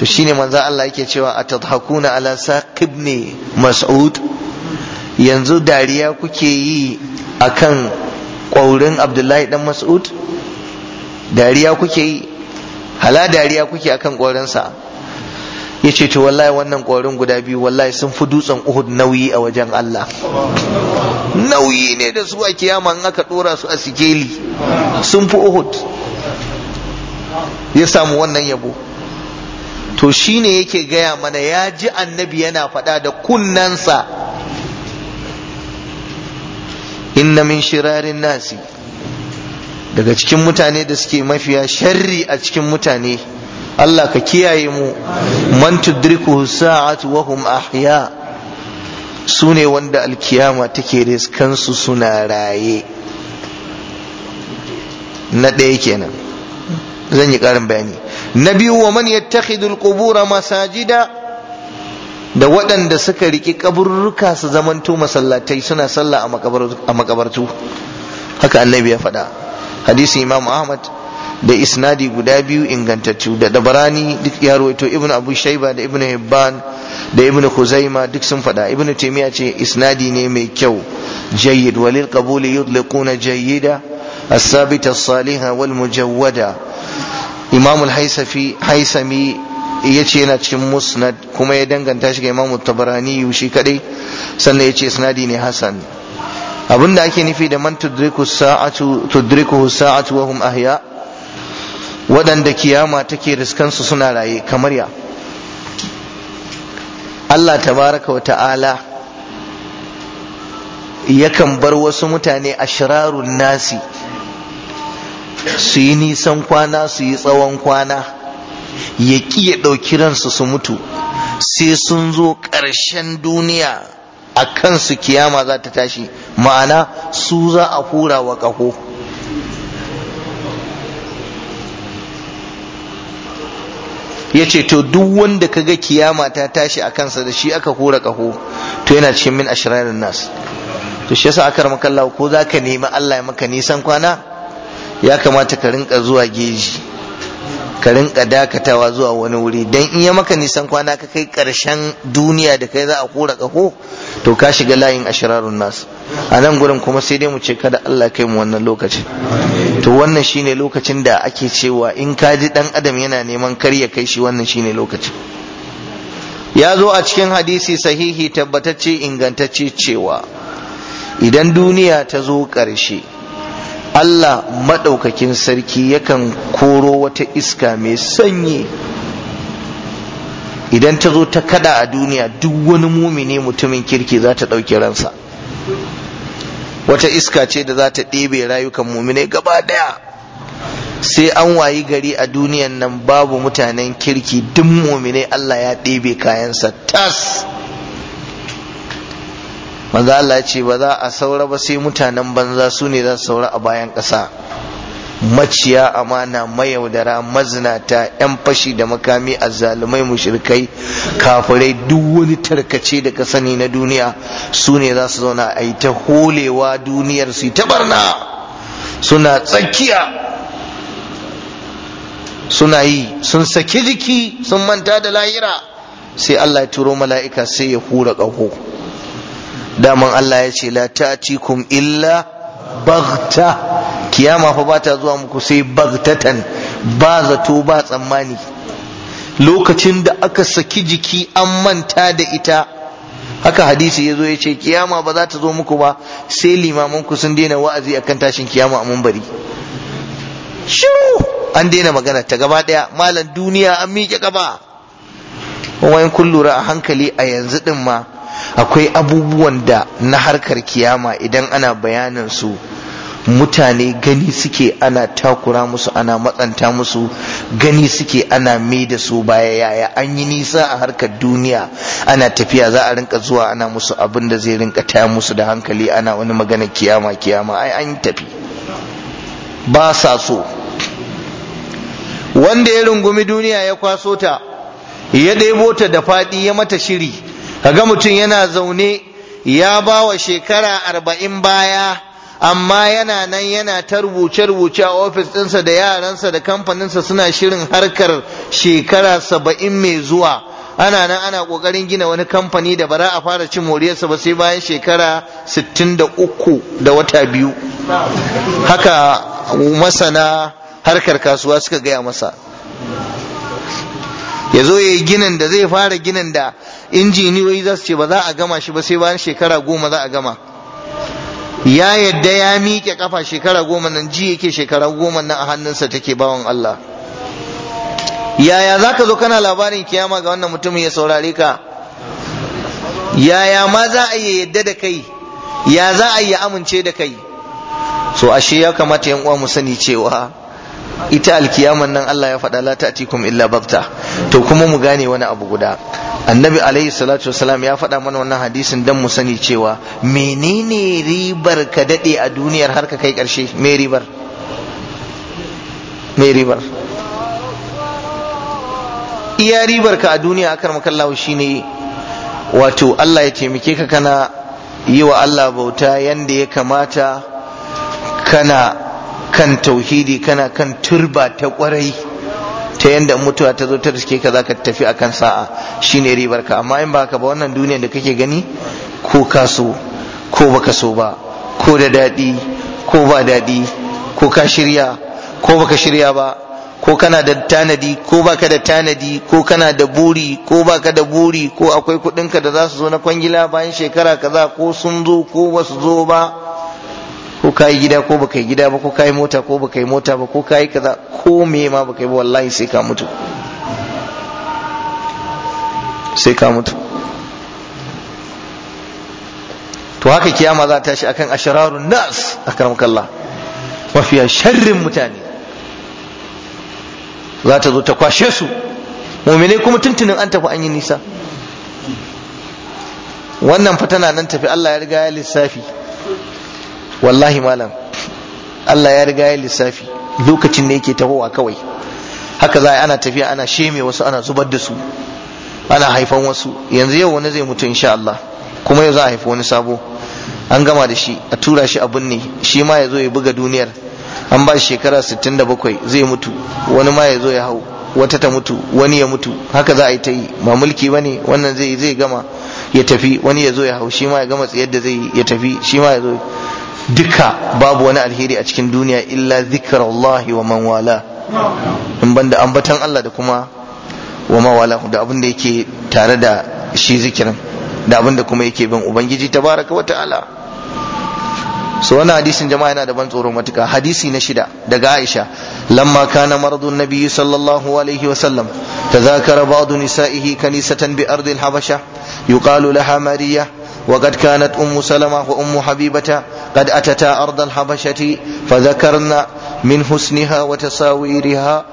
[SPEAKER 1] to shine manzo Allah yake cewa atadhakuna ala saqibni mas'ud yanzu dariya kuke yi akan ƙwaurin abdullahi dan mas'ud dariya kuke yi hala dariya kuke akan ƙwaurinsa ya ce to wallahi wannan ƙwaurin guda biyu wallahi sun fi dutsen uhud nauyi a wajen allah nauyi ne da su a kiyama in aka ɗora su a sikeli sun fi uhud ya samu wannan yabo to shine yake gaya mana ya ji annabi yana faɗa da kunnansa inna min shirarin nasi daga cikin mutane da suke mafiya sharri a cikin mutane Allah ka kiyaye mu man tudriku sa'atu wa hum ahya Sune wanda alkiyama take riskansu suna raye na ɗaya kenan zan yi ƙarin bayani na biyu wa man yattakhidul qubura masajida da waɗanda suka riƙe kaburruka su zamanto masallatai suna sallah a makabartu haka annabi ya faɗa hadisi imam ahmad da isnadi guda biyu ingantattu da dabarani duk ya rawaito ibnu abu shaiba da ibnu hibban da ibnu Kuzaima duk sun faɗa ibnu taymiya ce isnadi ne mai kyau jayyid walil qabuli yudliquna jayyida as-sabita as-saliha wal mujawwada imam al ya ce yana cikin musnad kuma ya danganta shi ga imamu tabarani shi kadai sannan ya ce sanadi ne hasan abinda ake nufi da man tudriku sa'atu wa waɗanda kiyama take riskansu suna raye kamar ya Allah tabaraka wa ta'ala yakan bar wasu mutane shirarun nasi su yi nisan kwana su yi tsawon kwana ya ƙi ya ɗauki ransu su mutu sai sun zo ƙarshen duniya a kansu kiyama za ta tashi ma'ana su za a hura wa ƙaho ya ce to duk wanda ka ga kiyama ta tashi a kansa da shi aka hura ƙaho to yana cikin min ashirarin nas to shi yasa aka ko za ka nemi allah ya maka nisan kwana ya kamata ka rinka zuwa geji ka rinka dakatawa zuwa wani wuri dan in ya maka nisan kwana ka kai karshen duniya da kai za a kura kako to ka shiga layin ashirarun nas a nan gurin kuma sai dai mu ce kada Allah kai mu wannan lokacin to wannan shine lokacin da ake cewa in ka ji dan adam yana neman kar ya kai shi wannan shine lokacin ya zo a cikin hadisi sahihi tabbatacce ingantacce cewa idan duniya ta zo ƙarshe Allah maɗaukakin sarki yakan koro wata iska mai sanyi idan ta zo ta kada a duniya duk wani mumini mutumin kirki za ta ɗauki ransa wata iska ce da za ta ɗebe rayukan muminai gaba ɗaya sai an wayi gari a duniyan nan babu mutanen kirki duk muminai Allah ya ɗebe kayansa tas manzo Allah ya ce ba za a saura ba sai mutanen banza su ne za su saura a bayan ƙasa maciya amana mayaudara mazinata yan fashi da makami azzalumai mushrikai kafirai duk wani tarkace da ka sani na duniya su ne za su zauna a yi ta holewa duniyar su ta barna suna tsakiya suna yi sun saki jiki sun manta da lahira sai Allah ya turo mala'ika sai ya hura ƙaho daman Allah ya ce la kum illa bagta kiyama fa ba ta zuwa muku sai bagtatan ba zato ba tsammani lokacin da aka saki jiki an manta da ita haka hadisi yazo ya ce kiyama ba za ta zo muku ba sai limaman ku sun daina wa'azi akan tashin kiyama a mumbari shiru an daina magana ta gaba daya malam duniya an miƙe gaba kuma lura a hankali a yanzu din ma akwai abubuwan da na harkar kiyama idan ana bayanin su mutane gani suke ana takura musu ana matsanta musu gani suke ana mai da su baya yaya an yi nisa a harkar duniya ana tafiya za a rinka zuwa ana musu abin da zai rinka taya musu da hankali ana wani magana kiyama kiyama ai an tafi ba sa so wanda ya rungumi duniya ya kwaso ta ya ɗebo ta da faɗi ya mata shiri kaga mutum yana zaune ya ba wa shekara arba'in baya amma yana nan yana ta rubuce-rubuce a ofis ɗinsa da yaransa da kamfaninsa suna shirin harkar shekara saba'in mai zuwa ana nan ana ƙoƙarin gina wani kamfani da bara a fara cin moriyarsa ba sai bayan shekara sittin da uku da wata biyu haka masana harkar kasuwa suka gaya masa ya zo ya yi ginin da zai fara ginin da injiniyoyi za su ce ba za a gama shi ba sai bayan shekara goma za a gama ya yadda ya miƙe kafa shekara goma nan ji yake shekara goma nan a hannunsa take bawan Allah yaya za ka zo kana labarin kiyama ga wannan mutumin ya saurare ka yaya ma za a yi yadda da kai ya za a yi amince da kai so ashe ya kamata yan uwa mu sani cewa ita alkiyaman nan Allah ya faɗa la ta'tikum illa babta, to kuma mu gane wani abu guda annabi alayhi salatu wasalam ya faɗa mana wannan hadisin dan mu sani cewa menene ribar ka dade a duniyar har ka kai ƙarshe me ribar me ribar iya ribar ka a duniya akar makallahu shine wato Allah ya taimake ka kana yi wa Allah bauta yanda ya kamata kana kan tauhidi kana kan turba ta kwarai ta yadda mutuwa ta zo ta riske ka ka tafi akan sa'a shine ribar ka amma in ba ka ba wannan duniya da kake gani ko ka so ko baka so ba ko da daɗi ko ba daɗi ko ka shirya ko baka shirya ba ko kana da tanadi ko baka da tanadi ko kana da buri ko baka da buri ko akwai kuɗinka da za su zo na kwangila bayan shekara kaza ko sun zo ko ba su zo ba ko ka yi gida ko baka yi gida ba ko ka yi mota ko baka yi mota ba ko ka yi kaza ko me ma baka yi ba wallahi sai ka mutu sai ka mutu to haka kiyama za ta shi akan ashrarun nas akramakallah mafiya sharrin mutane za ta zo ta kwashe su muminai kuma tuntunin an tafi an yi nisa wannan fa tana nan tafi Allah ya riga ya lissafi wallahi malam Allah ya riga ya lissafi lokacin da yake tahowa kawai haka za a ana tafiya ana sheme wasu ana zubar da su ana haifan wasu yanzu yau wani zai mutu insha Allah kuma yau za a haifi wani sabo an gama da shi a tura shi abun ne, shi ma ya zo ya buga duniyar an ba shi shekara 67 zai mutu wani ma ya zo ya hau wata ta mutu wani ya mutu haka za a yi ta yi ma mulki bane wannan zai zai gama ya tafi wani ya zo ya hau shi ma ya gama tsayar da zai ya tafi shi ma ya zo duka babu wani alheri a cikin duniya illa Allah wa man wala in banda ambatan Allah da kuma wa wala da abin da yake tare da shi zikirin da abin da kuma yake bin ubangiji tabaraka wa ta'ala so wannan hadisin jama'a yana da ban tsoro matuka hadisi na shida daga Aisha lamma kana maradun nabiyyi sallallahu alaihi wa sallam tazakara ba'du nisa'ihi kanisatan bi ardil habasha yuqalu laha mariya وقد كانت أم سلمة وأم حبيبة قد أتتا أرض الحبشة فذكرن من حسنها وتصاويرها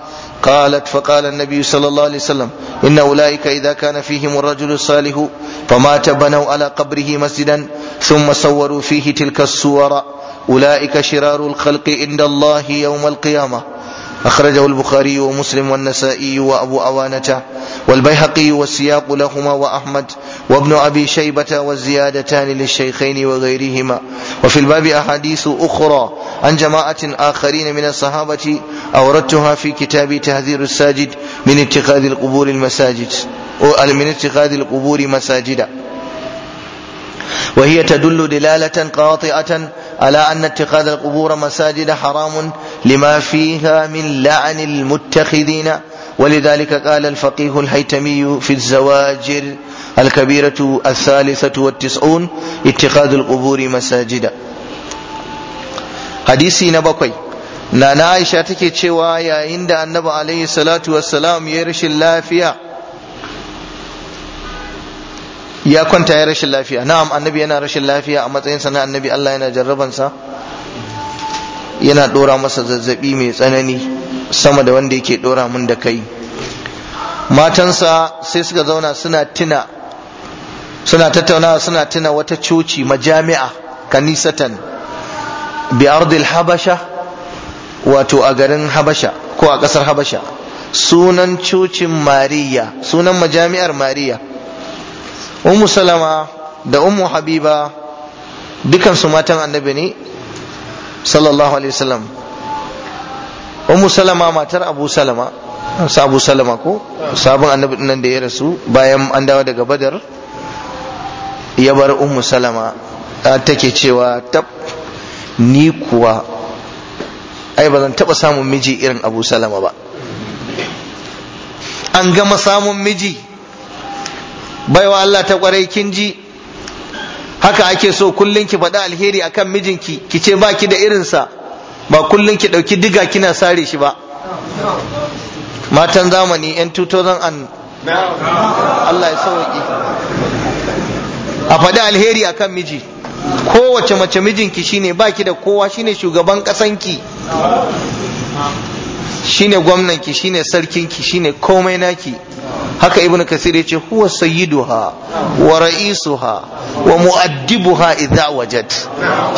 [SPEAKER 1] قالت فقال النبي صلى الله عليه وسلم إن أولئك إذا كان فيهم الرجل الصالح فمات بنوا على قبره مسجدا ثم صوروا فيه تلك الصور أولئك شرار الخلق عند الله يوم القيامة أخرجه البخاري ومسلم والنسائي وأبو عوانة والبيهقي والسياق لهما وأحمد وابن أبي شيبة والزيادتان للشيخين وغيرهما وفي الباب أحاديث أخرى عن جماعة آخرين من الصحابة أوردتها في كتاب تهذير الساجد من اتخاذ القبور المساجد من اتخاذ القبور مساجدا وهي تدل دلالة قاطعة على أن اتخاذ القبور مساجد حرام لما فيها من لعن المتخذين ولذلك قال الفقيه الهيتمي في الزواجر الكبيرة الثالثة والتسعون اتخاذ القبور مساجدا حديثي نبقي نانا عائشة تكي cewa yayin da annabi alaihi salatu wassalam ya rashin lafiya ya kwanta rashin lafiya na'am annabi yana rashin lafiya a matsayin sa na annabi Allah yana jarrabansa yana dora masa zazzabi mai tsanani sama da wanda yake dora mun da kai matansa sai suka zauna suna tuna suna tattaunawa suna tuna wata coci majami'a kanisatan bi ardil habasha wato a garin habasha ko a kasar habasha sunan cocin mariya sunan majami'ar mariya ummu salama da ummu habiba dukansu matan annabi ne sallallahu alaihi wasallam ummu salama matar abu salama sa abu salama ko sabon annabi nan da ya rasu bayan an dawo daga badar ya bar ummu salama ta take cewa tab ni kuwa ai ba zan taba samun miji irin abu salama ba an gama samun miji baiwa Allah ta kwarai kin ji haka ake so kullum ki faɗi alheri akan mijinki ki ce ba ki da irinsa ba kullum ki ɗauki diga kina sare shi ba matan zamani 'yan 2000 an Allah ya sauƙi a faɗi alheri akan miji kowace mace mijinki shine baki da kowa shine shugaban ƙasanki shine gwamnanki shine sarkinki shine komai naki haka ibnu kasir yace huwa sayyiduha wa ra'isuha wa mu'addibuha idza wajad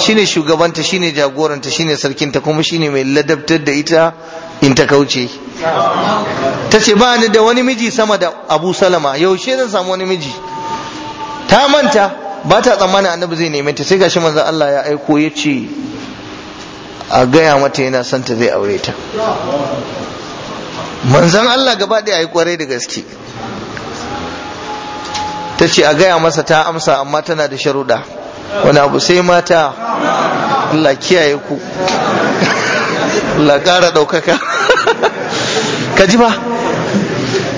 [SPEAKER 1] shine shugabanta shine jagoranta shine sarkinta kuma shine mai ladabtar da ita in ta kauce tace ba ni da wani miji sama da Abu Salama yaushe zan samu wani miji ta manta ba ta tsammanin annabi zai neme ta sai gashi manzon Allah ya aiko yace a gaya mata yana son ta zai aure ta manzan Allah gaba ɗaya ya kwarai da gaske ta ce a gaya masa ta amsa amma tana da sharuda. wani abu sai mata Allah kiyaye ku Allah ƙara ɗaukaka [laughs] ka ji ba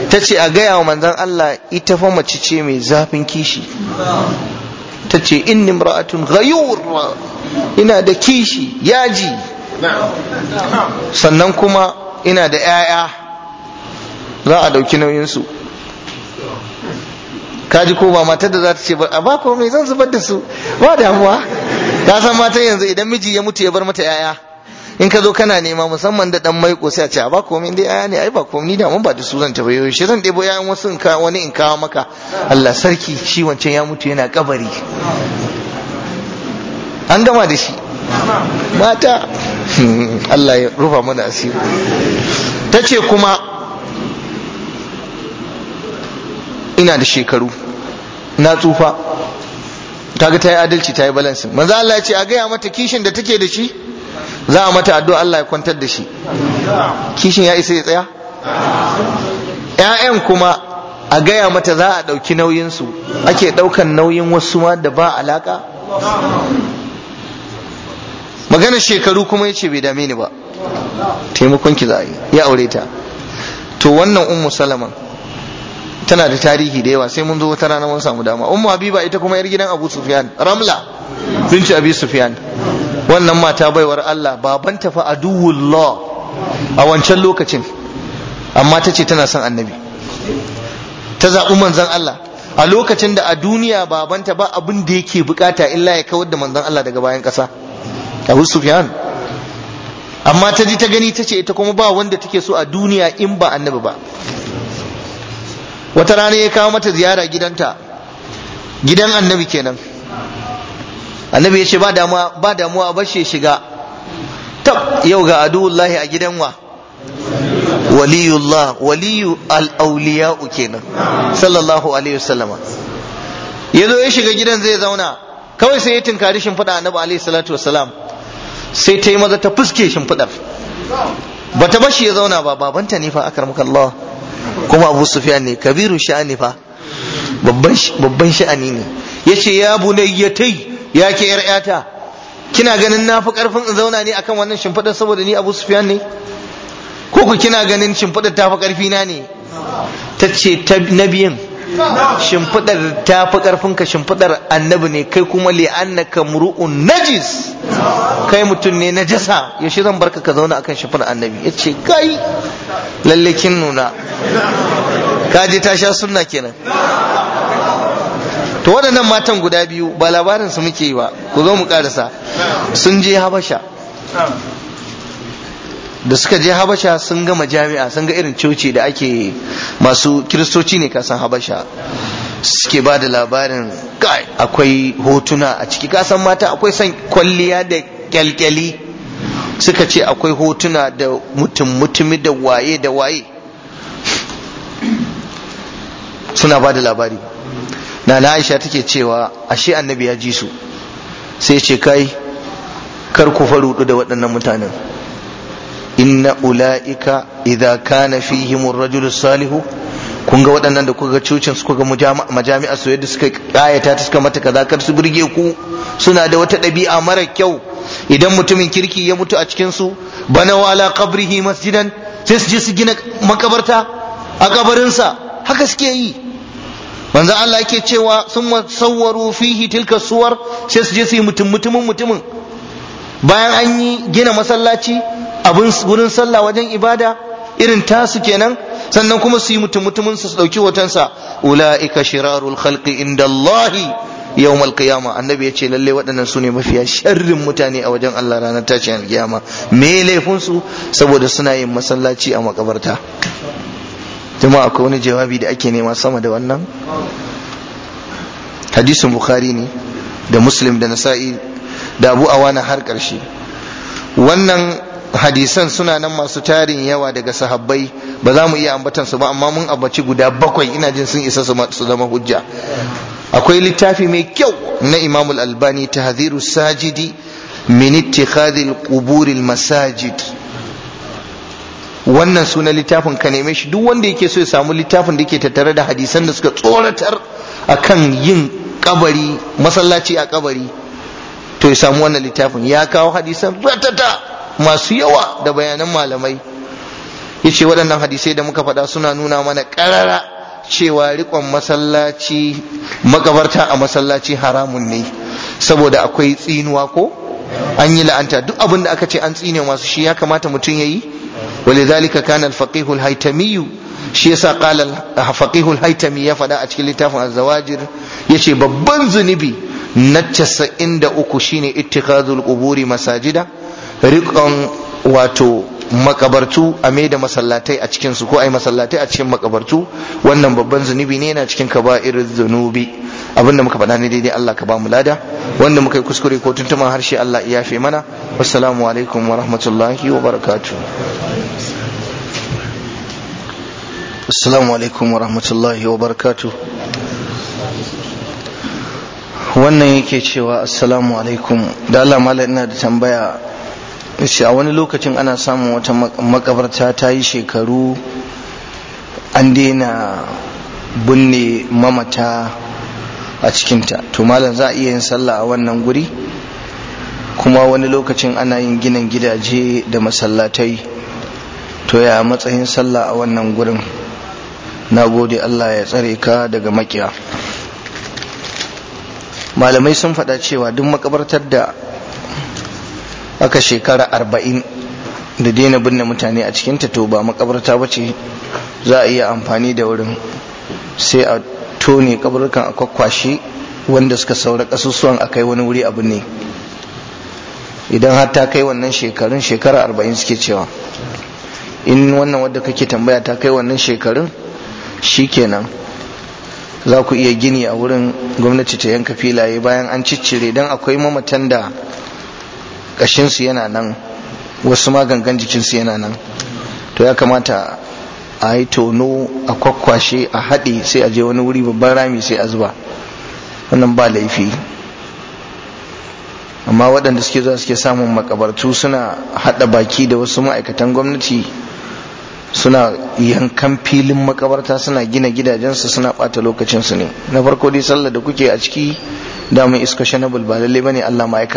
[SPEAKER 1] ta ce a gaya wa manzan Allah ita fa mace ce mai zafin kishi ta ce inni imra'atun ghayur ina da kishi yaji sannan kuma ina da 'ya'ya za a ɗauki nauyinsu kaji ko ba matar da za ta ce a ba komai zan zubar da su ba damuwa ka san mata yanzu idan miji ya mutu ya bar mata yaya in ka zo kana nema musamman da dan maiko sai a ce a ba komai dai yaya ne ai ba komai ni da mun ba da su zan ta bayo shi zan ɗebo yayan wasu in ka wani in kawo maka Allah sarki shi wancan ya mutu yana kabari an gama da shi mata [laughs] Allah ya rufa mana asiri ta ce kuma ina da shekaru na tsufa kaga ta yi adalci ta yi balansin Maza Allah ya ce a gaya mata kishin da take da shi za a mata addu'a Allah ya kwantar da shi kishin ya isa ya tsaya ƴaƴan kuma a gaya mata za a ɗauki nauyinsu ake ɗaukan nauyin wasu ma da ba alaka magana shekaru kuma ya ce bai dame ni ba taimakon ki za a yi ya aure ta to wannan ummu salaman tana da tarihi da yawa sai mun zo wata rana mun samu dama ummu habiba ita kuma yar gidan abu sufyan ramla binci abi sufyan wannan mata baiwar allah baban ta fa aduwullah a wancan lokacin amma ta ce tana son annabi ta zaɓi manzon allah a lokacin da a duniya babanta ba abin da yake bukata illa ya kawar da manzon allah daga bayan ƙasa abu sufyan amma ta ji ta gani ta ce ita kuma ba wanda take so a duniya in ba annabi ba wata rana ya kawo mata ziyara gidanta gidan annabi kenan annabi ya ce ba damuwa ba damuwa ba ya shiga tab yau ga aduwullahi a gidan wa waliyullah waliyu al-awliya'u kenan sallallahu alaihi wasallama yazo ya shiga gidan zai zauna kawai sai ya tinkari shimfiɗa annabi alaihi salatu wasalam sai ta yi maza ta fuske shimfiɗar bata bashi ya zauna ba babanta ne fa akarmaka Allah kuma abu sufyan ne kabiru sha'ani fa babban sha'ani ne Ya ce ya bunayyatai ya ke yar yata kina ganin na fi karfin in zauna ne akan wannan shimfiɗar saboda ni abu sufyan ne ko ku kina ganin shimfiɗar ta fi karfi na ne ta ce na biyan shimfidar ta fi ka shimfidar annabi ne kai kuma li'annaka muru'un najis kai mutum ne najasa ya shi zan barka ka zauna akan shimfidar annabi ya ce kai lalle kin nuna ka je ta sha sunna kenan to waɗannan matan guda biyu ba labarin su muke yi ba ku zo mu karasa sun je habasha da suka je habasha sun gama jami'a sun ga irin coci da ake masu kiristoci ne kasan habasha suke ba da labarin akwai hotuna a ciki kasan mata akwai san kwalliya da kyalkyali suka ce akwai hotuna da mutum mutumi da waye da waye suna ba da labari na aisha take cewa ashe annabi ya ji su sai ce kai kar ku faru da waɗannan mutanen inna ula'ika idza kana fihim ar-rajulu salihu kun ga waɗannan da kuka cocin su kuka majami'a su yadda suka kayata ta suka mata kaza kar su burge ku suna da wata ɗabi'a mara kyau idan mutumin kirki ya mutu a cikin su bana wala qabrihi masjidan sai su je su gina makabarta a sa haka suke yi manzo Allah yake cewa sun sawwaru fihi tilka suwar sai su je su yi mutum mutumin mutumin bayan an yi gina masallaci abin wurin sallah wajen ibada irin tasu kenan sannan kuma su yi mutum mutumin su dauki hotonsa ula'ika shirarul khalqi inda Allahi yawmal qiyama annabi yace lalle waɗannan su ne mafiya sharrin mutane a wajen Allah ranar tashin alkiyama me laifin su saboda suna yin masallaci a makabarta jama'a akwai wani jawabi da ake nema sama da wannan hadisin bukhari ne da muslim da nasa'i da abu awana har ƙarshe wannan hadisan suna nan masu tarin yawa daga sahabbai ba za mu iya ambatan su ba amma mun ambaci guda bakwai ina jin sun isa su zama hujja akwai littafi mai kyau na Imam Al-Albani Tahdhiru Sajidi min ittikhadil quburil masajid wannan suna littafin ka neme shi duk wanda yake so ya samu littafin da yake tattare da hadisan da suka tsoratar akan yin kabari masallaci a kabari to ya samu wannan littafin ya kawo hadisan ratata masu yawa da bayanan malamai yace waɗannan hadisai da muka faɗa suna nuna mana ƙarara cewa riƙon masallaci makabarta a masallaci haramun ne saboda akwai tsinuwa ko an yi la'anta duk abin da aka ce an tsine masu shi ya kamata mutum ya yi zalika kana alfaqihul haitamiyu? shi yasa qala alfaqihul haitami ya faɗa a cikin littafin azawajir yace babban zunubi na 93 shine ittikazul quburi masajida riƙon wato makabartu a mai da masallatai a cikinsu ko a yi masallatai a cikin makabartu wannan babban zunubi ne yana cikin irin zunubi abinda muka faɗa ne daidai Allah ka ba mu lada wanda muka yi kuskure ko tuntuman harshe Allah ya fi mana assalamu alaikum wa rahmatullahi wa barakatuh assalamu alaikum wa rahmatullahi wa barakatuh wannan yake cewa assalamu alaikum da Allah mallaka ina da tambaya a wani lokacin ana samun wata makabarta ta yi shekaru an daina binne mamata a cikinta to malam za a iya yin sallah a wannan guri kuma wani lokacin ana yin ginin gidaje da masallatai to ya matsayin sallah a wannan gurin na gode allah ya tsare ka daga makiya malamai sun faɗa cewa duk makabartar da aka shekara arba'in da daina binne mutane a cikinta to ba makabarta ba ce za a iya amfani da wurin sai a tone kabarukan a kwakwashe wanda suka saura kasusuwan a kai wani wuri a binne idan har ta kai wannan shekarun shekara arba'in suke cewa in wannan wadda kake tambaya ta kai wannan shekarun shi kenan. za ku iya gini a wurin gwamnati ta yanka filaye bayan an ciccire don akwai mamatan da ƙashinsu yana nan wasu magangan jikinsu yana nan to ya kamata a yi tono a kwakwashe a haɗe sai a je wani wuri babban rami sai a zuba wannan ba laifi amma waɗanda suke zuwa suke samun makabartu suna haɗa baki da wasu ma'aikatan gwamnati suna yankan filin makabarta suna gina gidajensu suna ɓata lokacinsu ne na farko dai sallar da kuke a ciki damun iska shanabul ba lalle bane Allah ma ya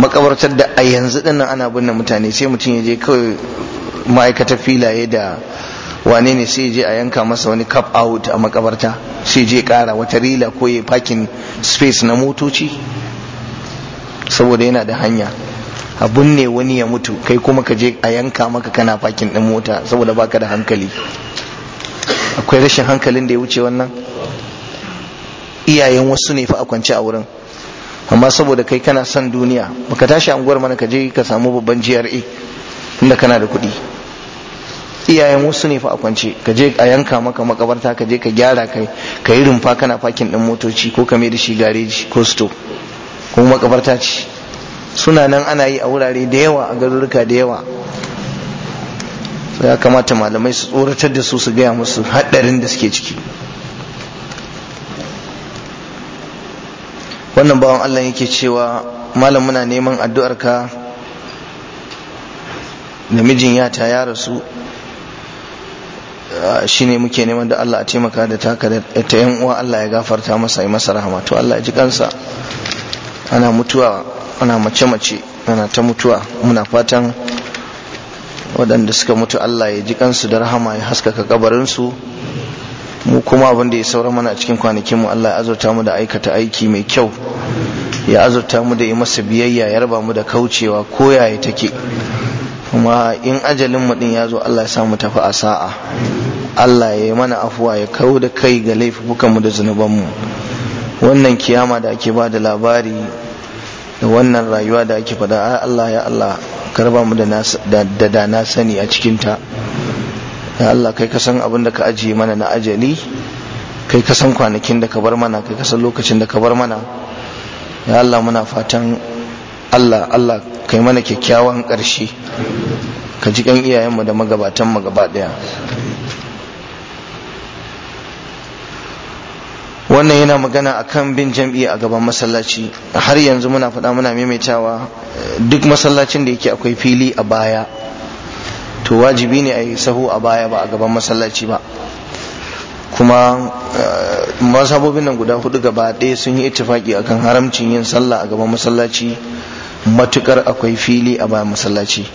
[SPEAKER 1] makabartar da a yanzu dinnan ana binne mutane sai mutum ya je kawai ma'aikatar filaye da wane ne sai je a yanka masa wani cup out a makabarta sai je kara wata rila ko ya parking space na motoci saboda yana da hanya a binne wani ya mutu kai kuma ka je a yanka maka kana parking din mota saboda baka da hankali akwai rashin hankalin da ya wuce wannan iyayen wasu ne fa a kwance a wurin amma saboda kai kana son duniya baka tashi anguwar mana ka je ka samu babban GRA inda kana da kuɗi iyayen wasu ne fa a kwance ka je a yanka maka makabarta ka je ka gyara kai ka yi rumfa kana fakin ɗin motoci ko ka da shi gareji ko sto ko makabarta ce suna nan ana yi a wurare da yawa a garuruka da yawa ya kamata malamai su tsoratar da su su gaya musu haɗarin da suke ciki wannan bawan Allah yake cewa malam muna neman addu'arka da mijin yata ya rasu ah, shi ne muke neman da Allah a taimaka da taka da ta yan uwa Allah ya gafarta masa yi masa rahama to Allah ya ji kansa ana mutuwa ana mace-mace ana ta mutuwa muna fatan waɗanda suka mutu Allah ya ji kansu da rahama ya haskaka kabarinsu mu kuma abin da ya saura mana a cikin kwanakin mu Allah ya azurta mu da aikata aiki mai kyau ya azurta mu da yi masa biyayya ya raba mu da kaucewa ko yaya take kuma in ajalin mu din ya zo Allah ya sa mu tafi a sa'a Allah ya yi mana afuwa ya kawo da kai ga laifukan mu da zunuban mu wannan kiyama da ake ba da labari da wannan rayuwa da ake faɗa Allah ya Allah karba mu da da na sani a cikin ta. ya Allah kai kasan abin da ka ajiye mana na ajali kai kasan kwanakin da ka bar mana kai kasan lokacin da ka bar mana ya Allah muna fatan Allah Allah kai mana kyakkyawan ƙarshe ka ji ƙan iyayenmu da magabatanmu gaba ɗaya wannan yana magana a kan bin jam'i a gaban masallaci har yanzu muna faɗa muna maimaitawa eh, duk masallacin da yake akwai fili a baya to wajibi ne a yi sahu a baya ba a gaban masallaci ba kuma eh, masabobin nan guda hudu gaba ɗaya sun yi ittifaki akan haramcin yin sallah a gaban masallaci matukar akwai fili a bayan masallaci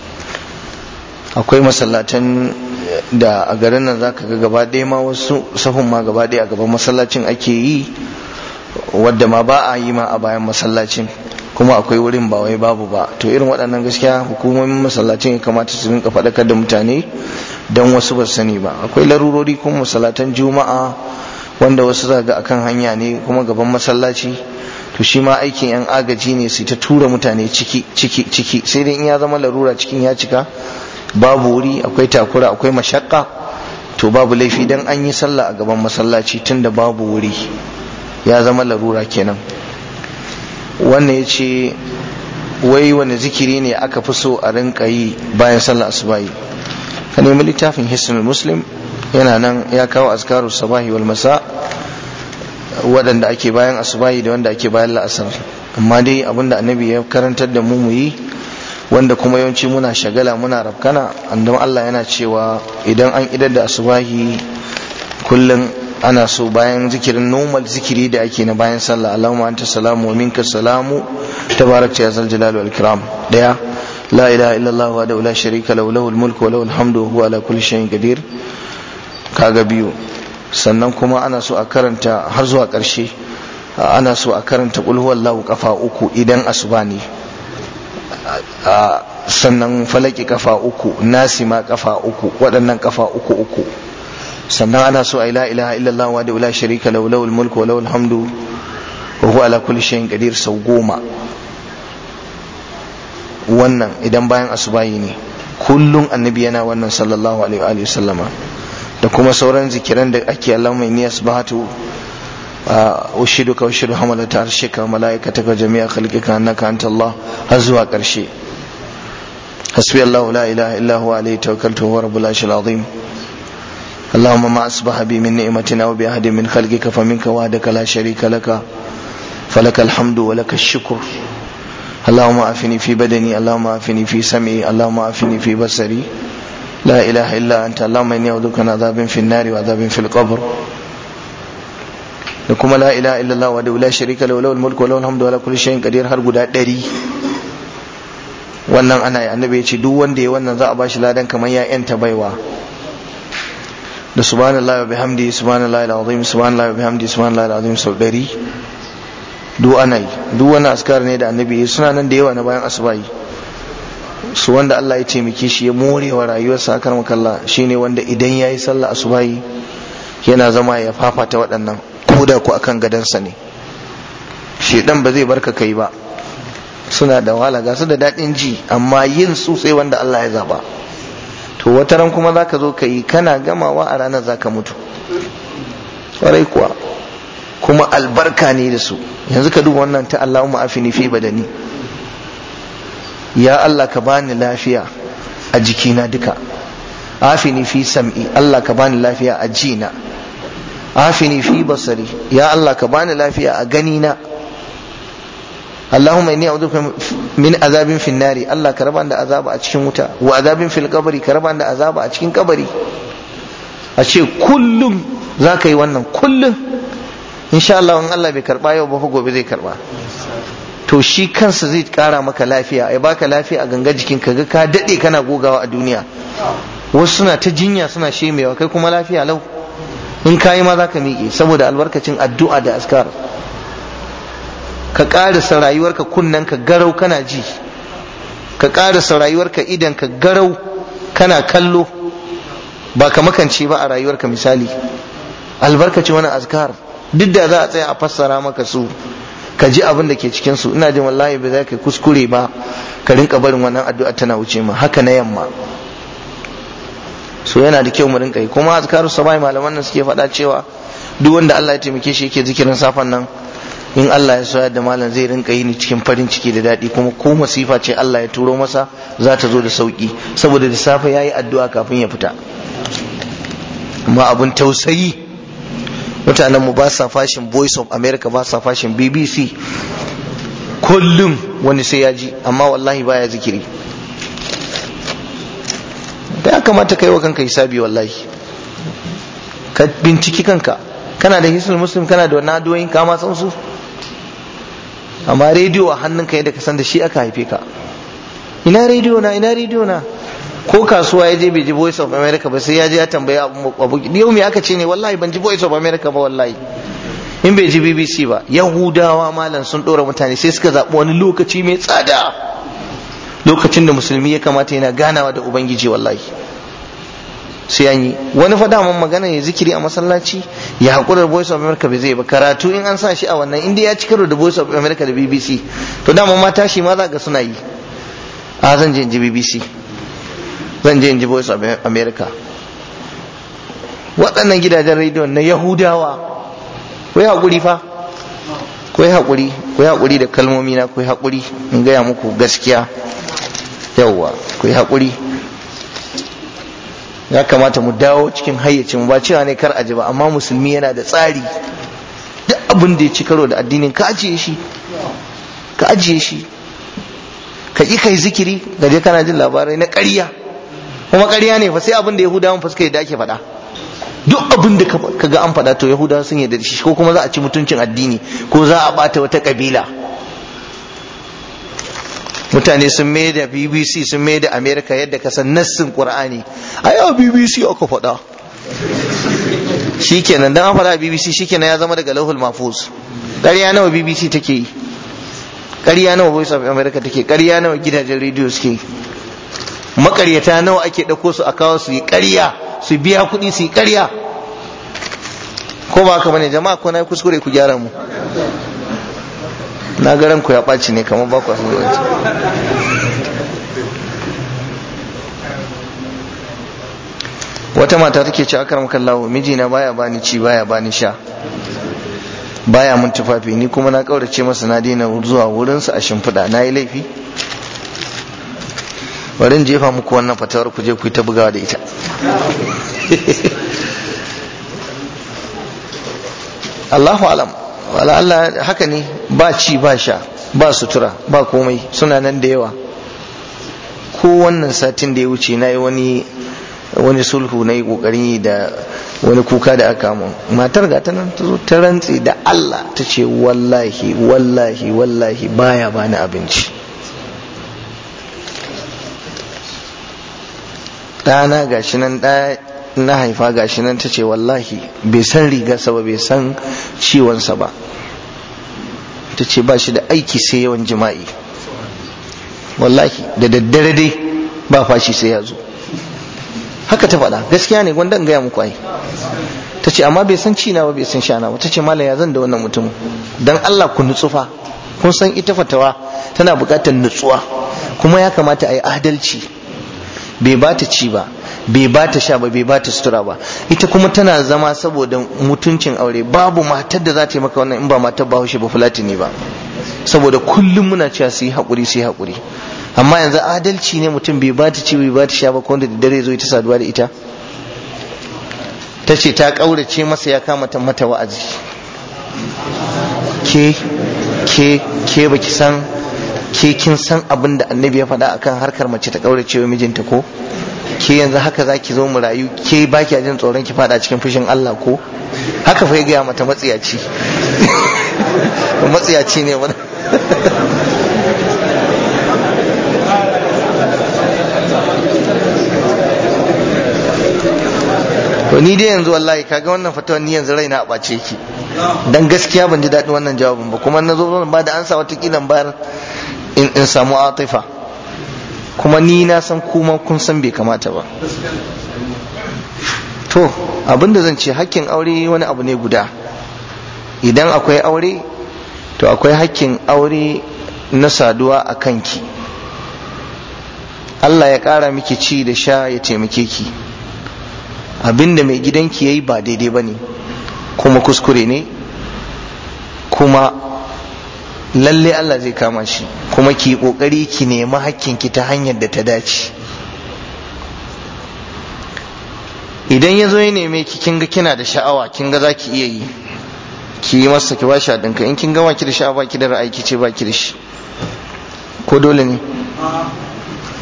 [SPEAKER 1] akwai masallatan eh, da a garin nan zaka ga gaba ɗaya ma wasu sahun ma gaba ɗaya a gaban masallacin ake yi wadda ma ba a yi ma a bayan masallacin kuma akwai wurin ba wai babu ba to irin waɗannan gaskiya hukumomin masallacin ya kamata su rinka faɗakar da mutane don wasu ba sani ba akwai larurori kuma masallatan juma'a wanda wasu zaga akan hanya ne kuma gaban masallaci to shi ma aikin yan agaji ne su ta tura mutane ciki ciki ciki sai dai in ya zama larura cikin ya cika babu wuri akwai takura akwai mashakka to babu laifi dan an yi sallah a gaban masallaci tun da babu wuri ya zama larura kenan wannan ya ce wai wani zikiri ne aka fi so a rinka yi bayan sallah asubahi ka nemi littafin hisnul muslim yana nan ya kawo azkaru sabahi wal masa waɗanda ake bayan asubahi da wanda ake bayan la'asar amma dai abinda annabi ya karantar da mu muyi wanda kuma yawanci muna shagala muna rafkana annabi Allah yana cewa idan an idar da asubahi kullum ana so bayan zikirin normal zikiri da ake na bayan sallah Allahumma anta salamu wa minka salamu tabarakta ya zal jalali wal ikram daya la ilaha illallah wa la sharika lahu lahul mulku wa lahul hamdu wa huwa ala kulli shay'in qadir kaga biyu sannan kuma ana so a karanta har zuwa karshe ana so a karanta qul huwallahu kafa uku idan asuba ne sannan falaki kafa uku nasima kafa uku waɗannan kafa uku uku sannan ana so a la ilaha illallah wa da la sharika lahu lahul mulku wa lahul alhamdu. wa huwa ala kulli shay'in qadir sau goma wannan idan bayan asubahi ne kullum annabi yana wannan sallallahu alaihi wa sallama da kuma sauran zikiran da ake Allahumma inni asbahatu ushiduka ushidu hamalata arshika mala'ika ta jami'a khalqika annaka anta Allah har zuwa karshe hasbi Allah la ilaha illa huwa alayhi tawakkaltu wa rabbul arshil azim اللهم ما أصبح بي من نعمة أو بأحد من خلقك فمنك وحدك لا شريك لك فلك الحمد ولك الشكر اللهم عافني في بدني اللهم عافني في سمعي اللهم عافني في بصري لا إله إلا أنت اللهم إني أعوذ من عذاب في النار وعذاب في القبر da kuma la ilaha illallah wa la sharika lahu lahul mulku wa lahul hamdu wa la kulli shay'in qadir har guda 100 wannan ana yi annabi ya ce duk wanda ya wannan za a bashi ladan kamar ya yanta baiwa da subhanallahi wa bihamdi subhanallahi alazim subhanallahi wa bihamdi subhanallahi alazim sau dari duk ana yi duk wani askar ne da annabi suna nan da yawa na bayan asubahi su wanda Allah ya taimake shi ya more wa rayuwarsa akar makalla shine wanda idan ya yi sallah asubahi yana zama ya fafata waɗannan ko da ku akan gadansa ne shedan ba zai barka kai ba suna da wahala ga da daɗin ji amma yin su wanda Allah ya zaba to wata ran kuma zaka zo ka yi kana gamawa a ranar zaka mutu kwarai kuwa kuma albarka ne da su yanzu ka duba wannan ta Allahumma afini fi badani ya Allah ka bani lafiya a jikina duka afini fi sam'i Allah ka bani lafiya a jina afini fi basari ya Allah ka bani lafiya a ganina Allahumma inni a'udhu min azabin fin nari Allah ka raba da azaba a cikin wuta wa azabin fil qabri ka raba da azaba a cikin kabari a ce kullum za ka yi wannan kullum insha Allah in Allah bai karba yau ba gobe zai karba to shi kansa zai kara maka lafiya ai baka lafiya a ganga jikin ka ga ka dade kana gogawa a duniya wasu suna ta jinya suna shemewa kai kuma lafiya lau in kayi ma za ka miƙe saboda albarkacin addu'a da askar ka ƙarasa rayuwarka ka garau kana ji ka ƙarasa rayuwarka ka garau kana kallo ba ka makance ba a rayuwarka misali albarkaci wani azkar duk da za a tsaya a fassara maka su ka ji abin da ke cikin su ina jin wallahi ba za ka kuskure ba ka rinka barin wannan addu'a tana wuce ma haka na yamma so yana da kyau mu rinka yi kuma azkaru sabai malaman nan suke faɗa cewa duk wanda Allah ya taimake shi yake zikirin safan nan in Allah ya so yadda malam zai rinka yi ni cikin farin ciki da daɗi kuma ko masifa ce Allah ya turo masa za ta zo da sauki saboda da safe yayi addu'a kafin ya fita amma abun tausayi mutanen mu ba sa fashin voice of america ba sa fashin bbc kullum wani sai ya ji amma wallahi baya zikiri da ya kamata kai wa kanka hisabi wallahi ka binciki kanka kana da hisul muslim kana da wannan addu'o'in ka ma san su amma rediyo a hannunka yadda ka san da shi aka haife ka ina rediyo na ina rediyo na ko kasuwa ya je bai ji voice of america ba sai ya je ya tambaye abu yau me aka ce ne wallahi ban ji voice of america ba wallahi in bai ji bbc ba yahudawa malam sun ɗora mutane sai suka zaɓi wani lokaci mai tsada lokacin da musulmi ya kamata yana ganawa da ubangiji wallahi sai an yi wani fa daman magana ya zikiri a masallaci ya hakura da voice of america bai zai ba karatu in an sa shi a wannan inda ya ci karo da voice of america da bbc to daman ma tashi ma za ga suna yi a zan je in ji bbc zan je in ji voice of america waɗannan gidajen rediyon na yahudawa ko yi haƙuri fa ko yi haƙuri ko yi haƙuri da kalmomi na ko yi haƙuri in gaya muku gaskiya yawwa ko yi haƙuri ya kamata mu dawo cikin hayyacin ba cewa ne kar aji ba amma musulmi yana da tsari duk abin da ya ci karo da addinin ka ajiye shi ka ajiye shi ka ƙi kai zikiri ga je kana jin labarai na ƙarya kuma ƙarya ne fa sai abin da yahudawan fa suka yi da ake faɗa duk abin da ka ga an faɗa to yahudawa sun yi da shi ko kuma za a ci mutuncin addini ko za a ɓata wata ƙabila mutane sun mai da bbc sun mai da america yadda ka san nassin qur'ani a yau bbc aka faɗa shikenan dan an faɗa a bbc shikenan ya zama daga lauhul mahfuz ƙarya nawa bbc take yi ƙarya nawa voice of america take ƙarya nawa gidajen rediyo suke yi makaryata nawa ake ɗauko su a kawo su yi ƙarya su biya kuɗi su yi ƙarya ko ba haka bane jama'a ko na kuskure ku gyara mu na garan ku ya ɓaci ne kamar ba ku a wata mata take ce akar makallahu mijina baya bani ci baya bani sha baya mun tufafi ni kuma na kaurace masa na daina zuwa wurinsa a shimfiɗa na yi laifi warin jefa muku wannan fatawar ku je ku yi ta bugawa da ita [laughs] Allahu alam wala Allah haka ne ba ci ba sha ba sutura ba komai suna nan da yawa ko wannan satin da ya wuce na yi wani wani sulhu na yi kokarin da wani kuka da aka mun matar ga nan ta zo ta rantse da Allah ta ce wallahi wallahi wallahi baya bani abinci ɗana gashi nan ɗaya na haifa gashi nan ta ce wallahi bai san rigarsa ba bai san ciwonsa ba ta ce ba shi da aiki sai yawan jima'i wallahi da daddare dai ba fashi sai ya zo haka ta faɗa gaskiya ne gwandan gaya muku ai ta ce amma bai san cina ba bai san shana ba ta ce malam ya zan da wannan mutum dan Allah ku nutsufa kun san ita fatawa tana buƙatar nutsuwa kuma ya kamata a yi adalci bai ba ta ci ba bai ba ta sha ba bai ba ta sutura ba ita kuma tana zama saboda mutuncin aure babu matar da za ta yi maka wannan in ba matar bahaushe ba fulati ne ba saboda kullum muna cewa su yi haƙuri su yi haƙuri amma yanzu adalci ne mutum bai ba ta ci bai ba ta sha ba ko da dare zo ta saduwa da ita ta ce ta ƙaurace masa ya kama ta mata wa'azi ke ke ke baki san ke kin san abin da annabi ya faɗa akan harkar mace ta ƙaurace wa mijinta ko ke yanzu haka za ki zo mu rayu ke ba ki ajin tsoron ki fada cikin fushin Allah ko haka fa ya gaya mata matsiyaci [laughs] matsiyaci ne wani [laughs] to ni dai yanzu wallahi kaga wannan fatawa ni yanzu raina a bace ki dan gaskiya ban ji daɗin wannan jawabin ba kuma na zo zan ba da ansa wata kilan bayar in samu atifa kuma ni na san kuma kun san bai kamata ba to abin da zan ce hakkin aure wani abu ne guda idan akwai aure to akwai hakkin aure na saduwa a kanki Allah ya ƙara miki ci da sha ya taimake ki abinda mai gidanki ya yi ba daidai ba ne kuma kuskure ne kuma lalle Allah zai kama shi kuma ki kokari ki nemi hakkinki ta hanyar da ta dace idan ya zo ya neme ki kin ga kina da sha'awa kin ga zaki iya yi ki yi masa ki bashi ɗinka in kin gama ki da sha'awa ki da ra'ayi ki ce baki da shi ko dole ne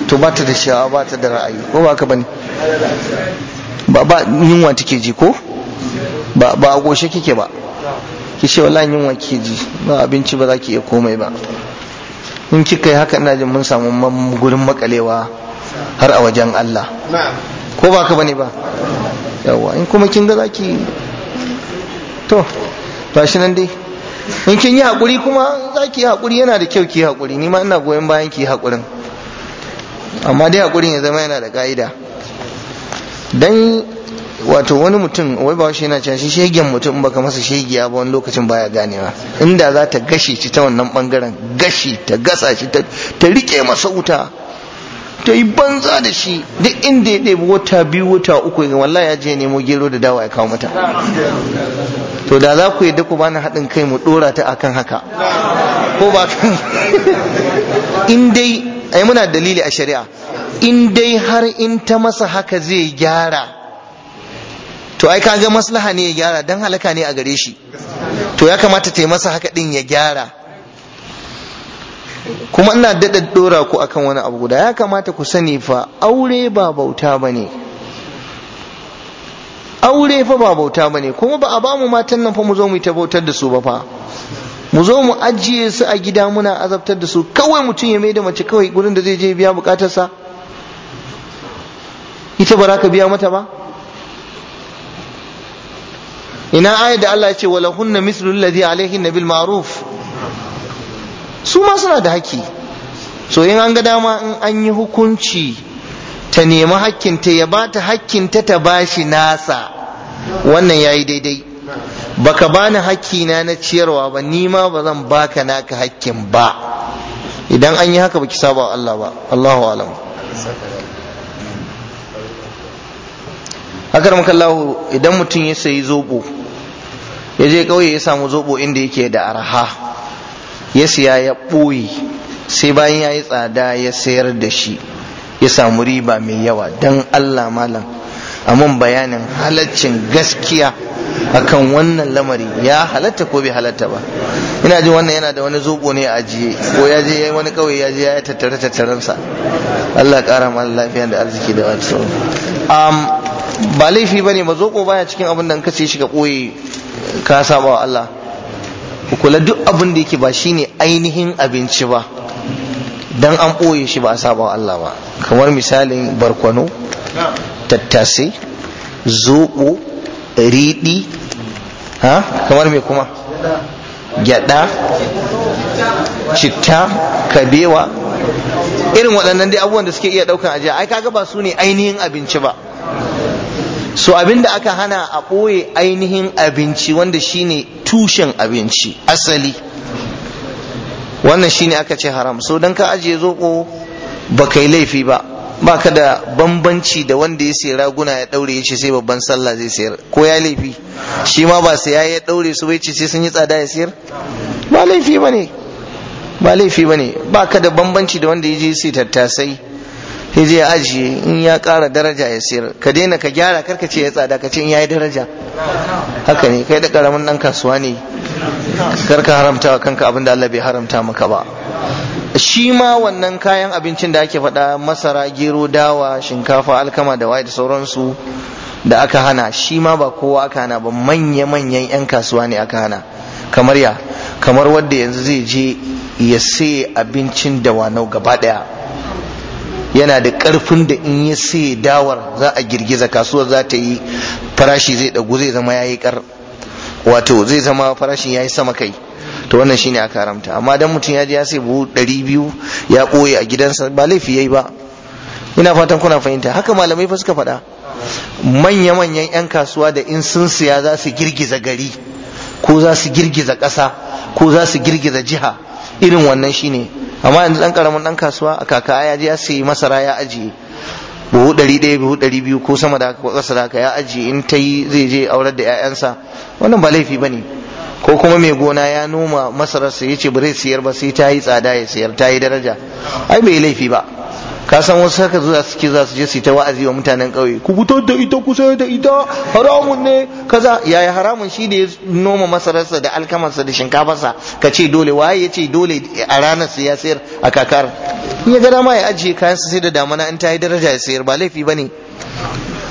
[SPEAKER 1] to ba ta da sha'awa ba ta da ra'ayi ko ba ka bane ba ba yunwa take ji ko ba ba goshe kike ba ki ce wallahi yin ke ji ba abinci ba za ki iya komai ba in kika yi haka ina jin mun samu gurin makalewa har a wajen Allah ko ba ka bane ba yawa in kuma kin ga zaki to ba shi nan dai in kin yi haƙuri kuma zaki yi haƙuri yana da kyau ki yi haƙuri ni ma ina goyon bayan ki yi haƙurin amma dai haƙurin ya zama yana da ƙa'ida dan wato wani mutum wai ba shi yana cewa shi shegen mutum baka masa shegiya ba wani lokacin baya ganewa inda za ta gashi ci ta wannan bangaren gashi ta gasa shi ta rike masa wuta ta yi banza da shi duk inda ya ɗebi wata biyu wata uku ya wallahi ya je nemo gero da dawa ya kawo mata to da za ku yadda ku bani haɗin kai mu ɗora ta akan haka ko ba ka [laughs] in dai ai muna dalili a shari'a in dai har in ta masa haka zai gyara to ai kaga maslaha ne ya gyara dan halaka ne a gare shi to ya kamata ta yi masa haka din ya gyara kuma ina daɗa ɗora ku akan wani abu guda ya kamata ku sani fa aure ba bauta ba ne aure fa ba bauta ba kuma ba a ba mu matan nan fa mu zo mu ta bautar da su ba fa mu zo mu ajiye su a gida muna azabtar da su kawai mutum ya maida mace kawai gurin da zai je biya bukatarsa ita ba za ka biya mata ba ina ayat da Allah ya ce walahunna mislu alladhi alaihin nabil ma'ruf su ma suna da haƙƙi so in an ga dama in an yi hukunci ta nemi ta ya bata haƙƙin ta ta bashi nasa wannan yayi daidai baka bani hakki na na ciyarwa ba ni ma ba zan baka naka hakkin ba idan an yi haka baki saba Allah ba Allahu alam akar Allah idan mutum ya sayi zobo ya je ya samu zobo inda yake da arha ya siya ya ɓoye sai bayan ya yi tsada ya sayar da shi ya samu riba mai yawa don allah malam mun bayanin halaccin gaskiya akan wannan lamari ya halatta ko bai halatta ba ina ji wannan yana da wani zobo ne a ajiye ko ya je yayi wani kawai ya je ya tattare Allah kara mana lafiya da arziki da wata ba laifi ne ba zoko baya cikin abin da kace shi ka koyi ka saba wa Allah ku kula duk abin da yake ba shine ainihin abinci ba dan an ɓoye shi ba a saba wa Allah ba kamar misalin barkwano tattasai zoɓo riɗi ha kamar me kuma gyada citta kabewa irin waɗannan dai abubuwan da suke iya ɗaukan ajiya ai kaga ba su ne ainihin abinci ba so abinda aka hana a ɓoye ainihin abinci wanda shine tushen abinci asali wannan shine aka ce haram so don ka ajiye zoko ba kai laifi ba ba ka da bambanci da wanda ya sayi raguna ya daure ya ce sai babban sallah zai sayar ko ya laifi shi ma ba sai ya daure su bai ce sai sun yi tsada ya sayar ba laifi ba ne. ba laifi ba ne. ba ka da bambanci da wanda ya je sai tattasai sai je ya ajiye in ya ƙara daraja ya sayar ka daina ka gyara karka ce ya tsada ka ce in yayi daraja haka ne kai da karamin dan kasuwa ne karka haramta wa kanka abinda Allah bai haramta maka ba shi ma wannan kayan abincin da ake faɗa masara gero dawa shinkafa alkama da waye da sauransu da aka hana shi ma ba kowa aka hana ba manya-manyan 'yan kasuwa ne aka hana kamar ya kamar wanda yanzu zai je ya sai abincin da gaba ɗaya yana da ƙarfin da in ya sai dawar za a girgiza kasuwar za ta yi farashi zai ɗagu zai zama yayi kar wato zai zama farashin yayi sama kai to wannan shine aka haramta amma dan mutum ya je ya sai buhu ɗari biyu ya ɓoye a gidansa ba laifi yayi ba ina fatan kuna fahimta haka malamai fa suka faɗa manya-manyan 'yan kasuwa da in sun siya za su girgiza gari ko za su girgiza ƙasa ko za su girgiza jiha irin wannan shine amma yanzu dan karamin dan kasuwa a kaka ya je ya sayi masara ya ajiye buhu ɗari ɗaya buhu ɗari biyu ko sama da ko ƙasa da ya ajiye in ta yi zai je aurar da 'ya'yansa wannan ba laifi ba ne ko kuma mai gona ya noma masararsa ya ce ba zai siyar ba sai ta yi tsada ya siyar ta yi daraja ai bai laifi ba ka san wasu haka zuwa suke za su je su yi ta wa'azi wa mutanen ƙauye ku fitar da ita ku sayar da ita haramun ne kaza yaya haramun shi da ya noma masararsa da alkamarsa da shinkafarsa ka ce dole waye ya ce dole a ranar su ya sayar a kakar in ya gada dama ya ajiye kayan su sai da damana in ta yi daraja ya sayar ba laifi ba ne.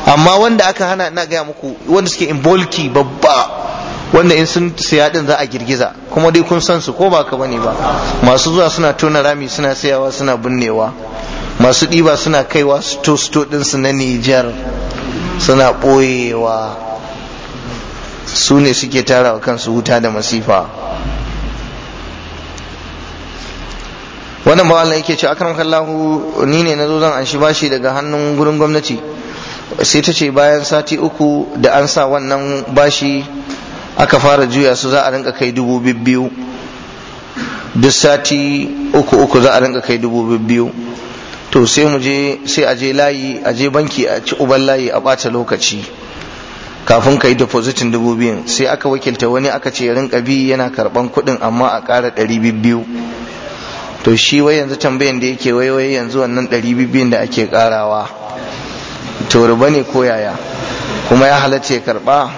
[SPEAKER 1] amma wanda aka hana ina gaya muku wanda suke in bolki babba wanda in sun siya din za a girgiza kuma dai kun san su ko ba ka bane ba masu zuwa suna tona rami suna sayawa suna binnewa masu ɗiba suna kaiwa sto-sto ɗinsu na Nijar suna ɓoyewa su ne suke tara wa kansu wuta da masifa wannan ba yake ce akram kallahu ni ne na zan an shi bashi daga hannun gurin gwamnati sai ta ce bayan sati uku da an sa wannan bashi aka fara juya su za a rinka kai dubu biyu duk sati uku uku za a rinka kai dubu biyu to sai mu je sai aje layi aje banki a ci uban layi a ɓata lokaci kafin ka yi depositin dubu biyun sai aka wakilta wani aka ce rinka bi yana karban kuɗin amma a ƙara ɗari biyu to shi wai yanzu tambayan da yake wai wai yanzu wannan ɗari biyun da ake ƙarawa to ruba ne ko yaya kuma ya halatta ya karɓa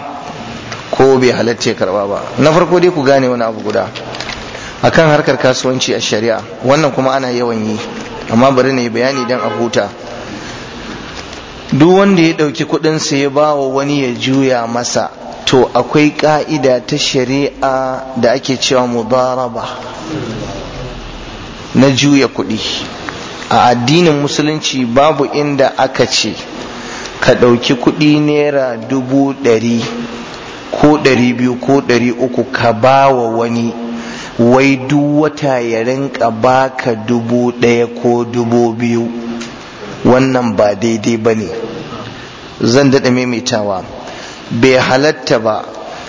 [SPEAKER 1] ko bai halatta ya karɓa ba na farko dai ku gane wani abu guda akan harkar kasuwanci a shari'a wannan kuma ana yawan yi amma bari na yi bayani don a huta duk wanda ya ɗauki kuɗinsa ya ba wa wani ya juya masa to akwai ƙa'ida ta shari'a da ake cewa mudaraba na juya kuɗi a addinin musulunci babu inda aka ce ka ɗauki kuɗi naira dubu ɗari ko ɗari biyu ko ɗari uku ka ba wa wani wai duk wata ya rinka baka dubu ɗaya ko dubu biyu wannan ba daidai ba ne zan daɗa maimaitawa bai halatta ba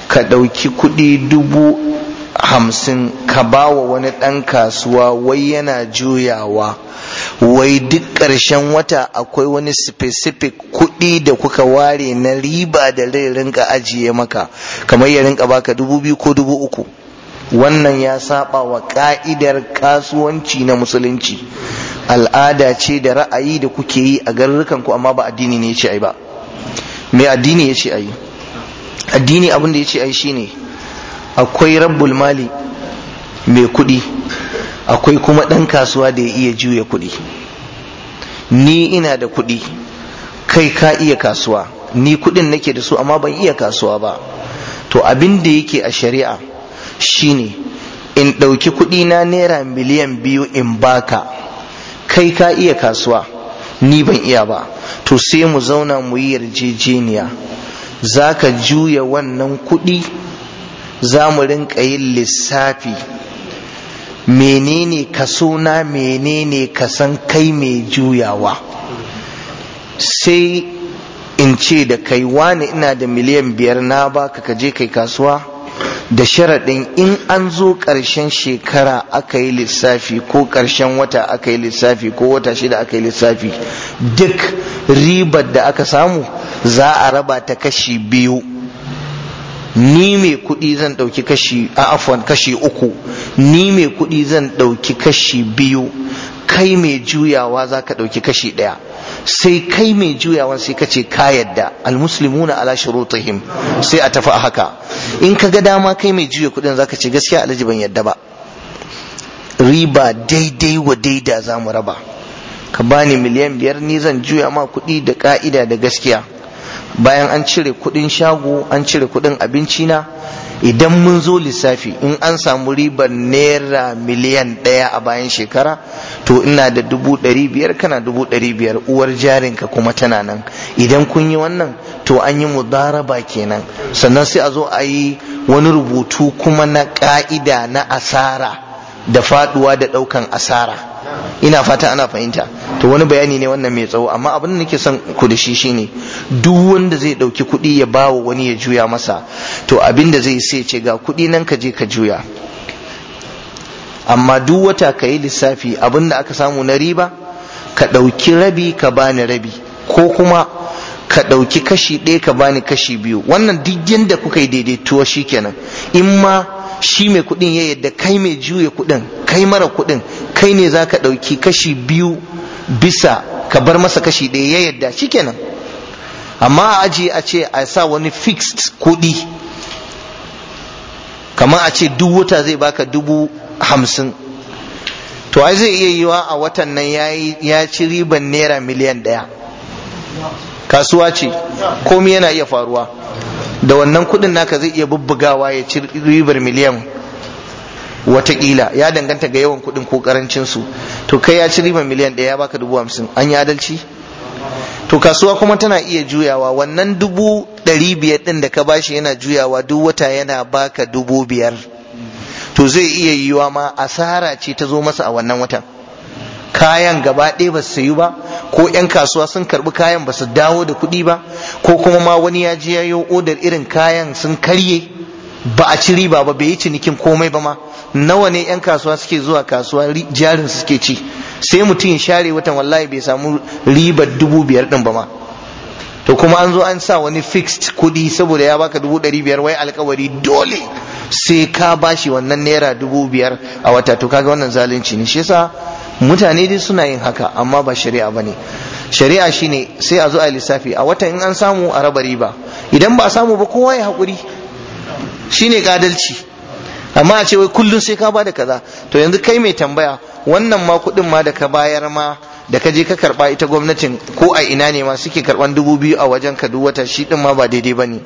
[SPEAKER 1] ka ɗauki kuɗi dubu hamsin ka ba wa wani ɗan kasuwa wai yana juyawa wai duk ƙarshen wata akwai wani specific kuɗi da kuka ware na riba da rai rinka ajiye maka kamar ya rinka baka dubu biyu ko dubu uku wannan ya saba wa ka'idar kasuwanci na musulunci al'ada ce da ra'ayi da kuke yi a garurukan ku amma ba addini ne yace ai ba me addini yace ai addini abin da yace ai shine akwai rabbul mali mai kuɗi akwai kuma ɗan kasuwa da ya iya juya kuɗi ni ina da kuɗi kai ka iya kasuwa ni kuɗin nake da su amma ban iya kasuwa ba to abin da yake a shari'a shine in ɗauki kuɗi na naira miliyan biyu in baka kai ka iya kasuwa ni ban iya ba to sai mu zauna mu yi yarjejeniya za ka juya wannan kuɗi za mu rinka yin lissafi menene kaso na menene kasan kai mai juyawa sai in ce da kai wani ina da miliyan biyar na baka ka je kai kasuwa da sharaɗin in an zo ƙarshen shekara aka yi lissafi ko ƙarshen wata aka yi lissafi ko wata shida aka yi lissafi duk ribar da aka samu za a raba ta kashi biyu ni mai kuɗi zan ɗauki kashi a afwan kashi uku ni mai kuɗi zan ɗauki kashi biyu kai mai juyawa za ka ɗauki kashi ɗaya sai kai mai juyawan sai ka ce ka yadda almuslimuna ala shurutihim sai a tafi a haka in ka ga dama kai mai juya kudin zaka ce gaskiya alhaji ban yadda ba riba daidai wa daida za mu raba ka bani miliyan biyar ni zan juya ma kuɗi da ka'ida da gaskiya bayan an cire kuɗin shago an cire kuɗin abinci na idan mun zo lissafi in an samu ribar naira miliyan ɗaya a bayan shekara to ina da dubu ɗari biyar kana dubu ɗari biyar uwar jarinka kuma tana nan idan kun yi wannan to an yi mudaraba kenan sannan sai a zo a yi wani rubutu kuma na ƙa'ida na asara da faɗuwa da ɗaukan asara ina fata ana fahimta to wani bayani ne wannan mai tsawo amma abin da nake son ku da shi shine duk wanda zai ɗauki kuɗi ya bawa wani ya juya masa to abin da zai sai ce ga kuɗi nan ka je ka juya amma duk wata ka yi lissafi abinda aka samu na riba ka ɗauki rabi ka bani rabi ko kuma ka ɗauki kashi ɗaya ka bani kashi biyu wannan duk yadda kuka yi daidaituwa shi kenan in ma shi mai kuɗin ya yadda kai mai juya kuɗin kai mara kuɗin kai ne za ka ɗauki kashi biyu bisa ka bar masa kashi ɗaya ya yadda shi kenan amma a aji a ce a sa wani fixed kuɗi kamar a ce duk wata zai baka dubu hamsin to ai zai iya yiwa a watan nan ya ci riban naira miliyan ɗaya kasuwa ce komi yana iya faruwa da wannan kudin naka zai iya bubbugawa ya ci ribar miliyan watakila ya danganta ga yawan kudin ko karancinsu to kai ya ci ribar miliyan ɗaya ya baka dubu hamsin an yi adalci to kasuwa kuma tana iya juyawa wannan dubu ɗari biyar ɗin da ka bashi yana juyawa duk wata yana baka dubu biyar to zai iya yiwa ma asara ce ta zo masa a wannan watan kayan gaba ɗaya ba su sayu ba ko 'yan kasuwa sun karɓi kayan ba su dawo da kuɗi ba ko kuma ma wani ya je yayo odar irin kayan sun karye ba a ci riba ba bai yi cinikin komai ba ma nawa ne 'yan kasuwa suke zuwa kasuwa jarin suke ci sai mutum ya share watan wallahi bai samu ribar dubu biyar ɗin ba ma to kuma an zo an sa wani fixed kuɗi saboda ya baka dubu ɗari biyar wai alkawari dole sai ka bashi wannan naira dubu biyar a wata to kaga wannan zalunci ne shi yasa mutane dai suna yin haka amma ba shari'a bane shari'a shine sai a zo a lissafi a wata in an samu a raba riba idan ba a samu ba kowa ya haƙuri shine kadalci amma a ce wai kullum sai ka bada kaza to yanzu kai mai tambaya wannan ma kuɗin ma da ka bayar ma da ka je ka karba ita gwamnatin ko a ina ne ma suke karban dubu biyu a wajen ka duk wata shi din ma ba daidai bane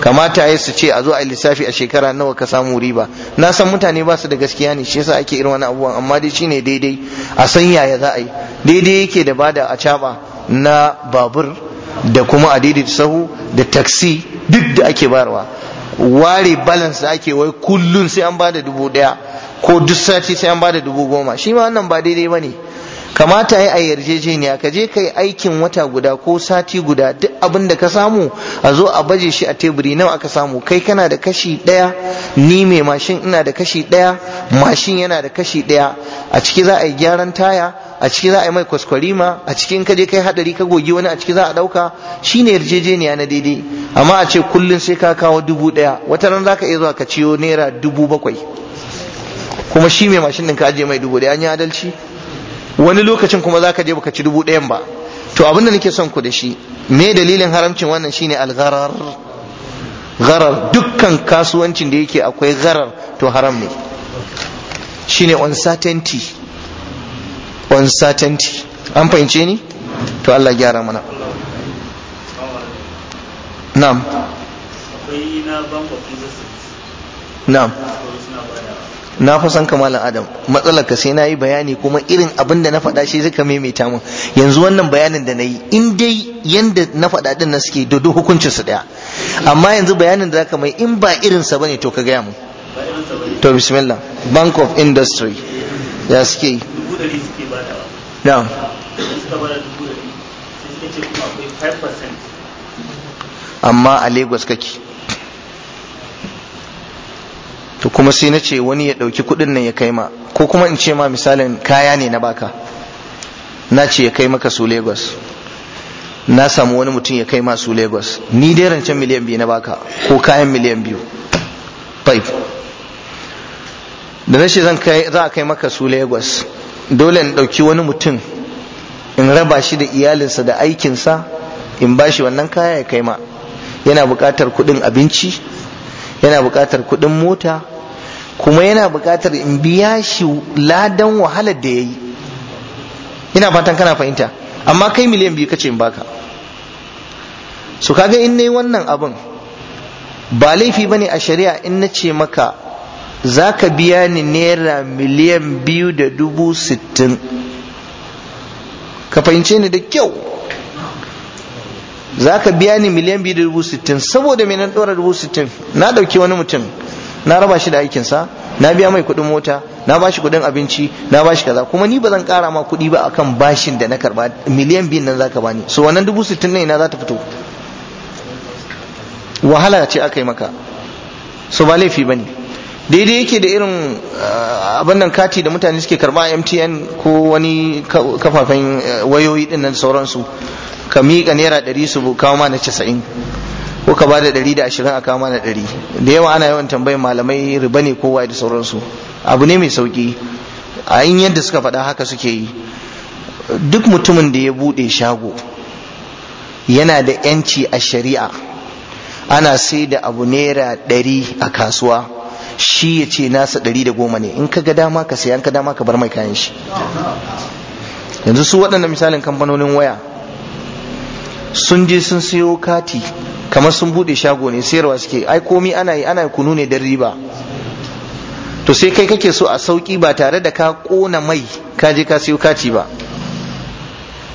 [SPEAKER 1] kamata ya su ce a zo a lissafi a shekara nawa ka samu riba na san mutane ba su da gaskiya ne shi yasa ake irin wani abubuwan amma dai shine daidai a san yaya za a yi daidai yake da bada a caba na babur da kuma a daidaita sahu da taxi duk da ake bayarwa ware balance da ake wai kullun sai an bada dubu daya ko duk sati sai an bada dubu goma shi ma wannan ba daidai bane ne kamata yi a yarjejeniya ka je ka aikin wata guda ko sati guda duk abin da ka samu a zo a baje shi a teburi nawa aka samu kai kana da kashi ɗaya ni mai mashin ina da kashi ɗaya mashin yana da kashi ɗaya a ciki za a yi gyaran taya a ciki za a yi mai ma, a cikin ka je kai hadari ka gogi wani a ciki za a ɗauka shine yarjejeniya na daidai amma a ce kullum sai ka kawo dubu ɗaya wata ran za ka iya zuwa ka ciyo naira dubu bakwai kuma shi mai mashin ɗin ka ajiye mai dubu ɗaya an yi adalci wani lokacin kuma zaka je baka ci dubu ɗayan ba to abinda nake son ku da shi me dalilin haramcin wannan shine algharar gharar dukkan kasuwancin da yake akwai gharar to haram ne shine uncertainty uncertainty an fahimce ni to Allah gyara mana na'am na'am na fa san malam adam matsalar ka sai na yi bayani kuma irin abin da na faɗa shi zai ka maimaita min. yanzu wannan bayanin da na yi in dai yanda na faɗa din na suke dodo hukuncin su daya amma yanzu bayanin da zaka mai in ba irin sa bane to ka gaya mu to bismillah bank of industry ya suke yi na amma a lagos kake to kuma sai na ce wani ya ɗauki kuɗin nan ya kai ma ko kuma in ce ma misalin kaya ne na baka na ce ya kai maka su lagos na samu wani mutum ya kai ma su lagos ni dai rancen miliyan biyu na baka ko kayan miliyan biyu five da na ce za a kai maka su lagos dole in ɗauki wani mutum in raba shi da iyalinsa da aikinsa in ba shi wannan kaya ya kai ma yana buƙatar kuɗin abinci yana buƙatar kuɗin mota kuma yana buƙatar in biya shi ladan wahalar da ya yi ina fatan kana fahimta amma kai miliyan biyu kace in baka su kaga in nayi wannan abin ba laifi bane a shari'a in nace maka za ka biya ni naira miliyan biyu da dubu sittin ka fahimce ni da kyau za ka biya ni miliyan biyu da dubu sittin saboda mai na ɗora dubu sittin na ɗauki wani mutum na raba shi da aikinsa na biya mai kuɗin mota na bashi kuɗin abinci na bashi kaza kuma ni ba zan ƙara ma kuɗi ba akan bashin da na karba miliyan biyun nan zaka bani so wannan dubu sittin ina za ta fito wahala ce aka yi maka so ba laifi bane daidai yake da irin ah, abin nan kati da mutane suke karba a mtn ko wani kafafen eh, wayoyi din nan sauransu ka miƙa naira ɗari su kawo ma na casa'in ko ka bada ɗari da ashirin a kama na ɗari da yawa ana yawan tambayin malamai riba ne kowa da sauransu abu ne mai sauki a yin yadda suka faɗa haka suke yi duk mutumin da ya buɗe shago yana da yanci a shari'a ana sai da abu naira ɗari a kasuwa shi ya ce nasa ɗari da goma ne in ka ga dama ka sayan ka dama ka bar mai kayan shi yanzu su waɗanda misalin kamfanonin waya sun je sun sayo kati kamar sun bude shago ne sayarwa suke ai komi ana yi ana kunu ne don riba to sai kai kake so a sauki ba tare da ka kona mai ka je ka siyo kati ba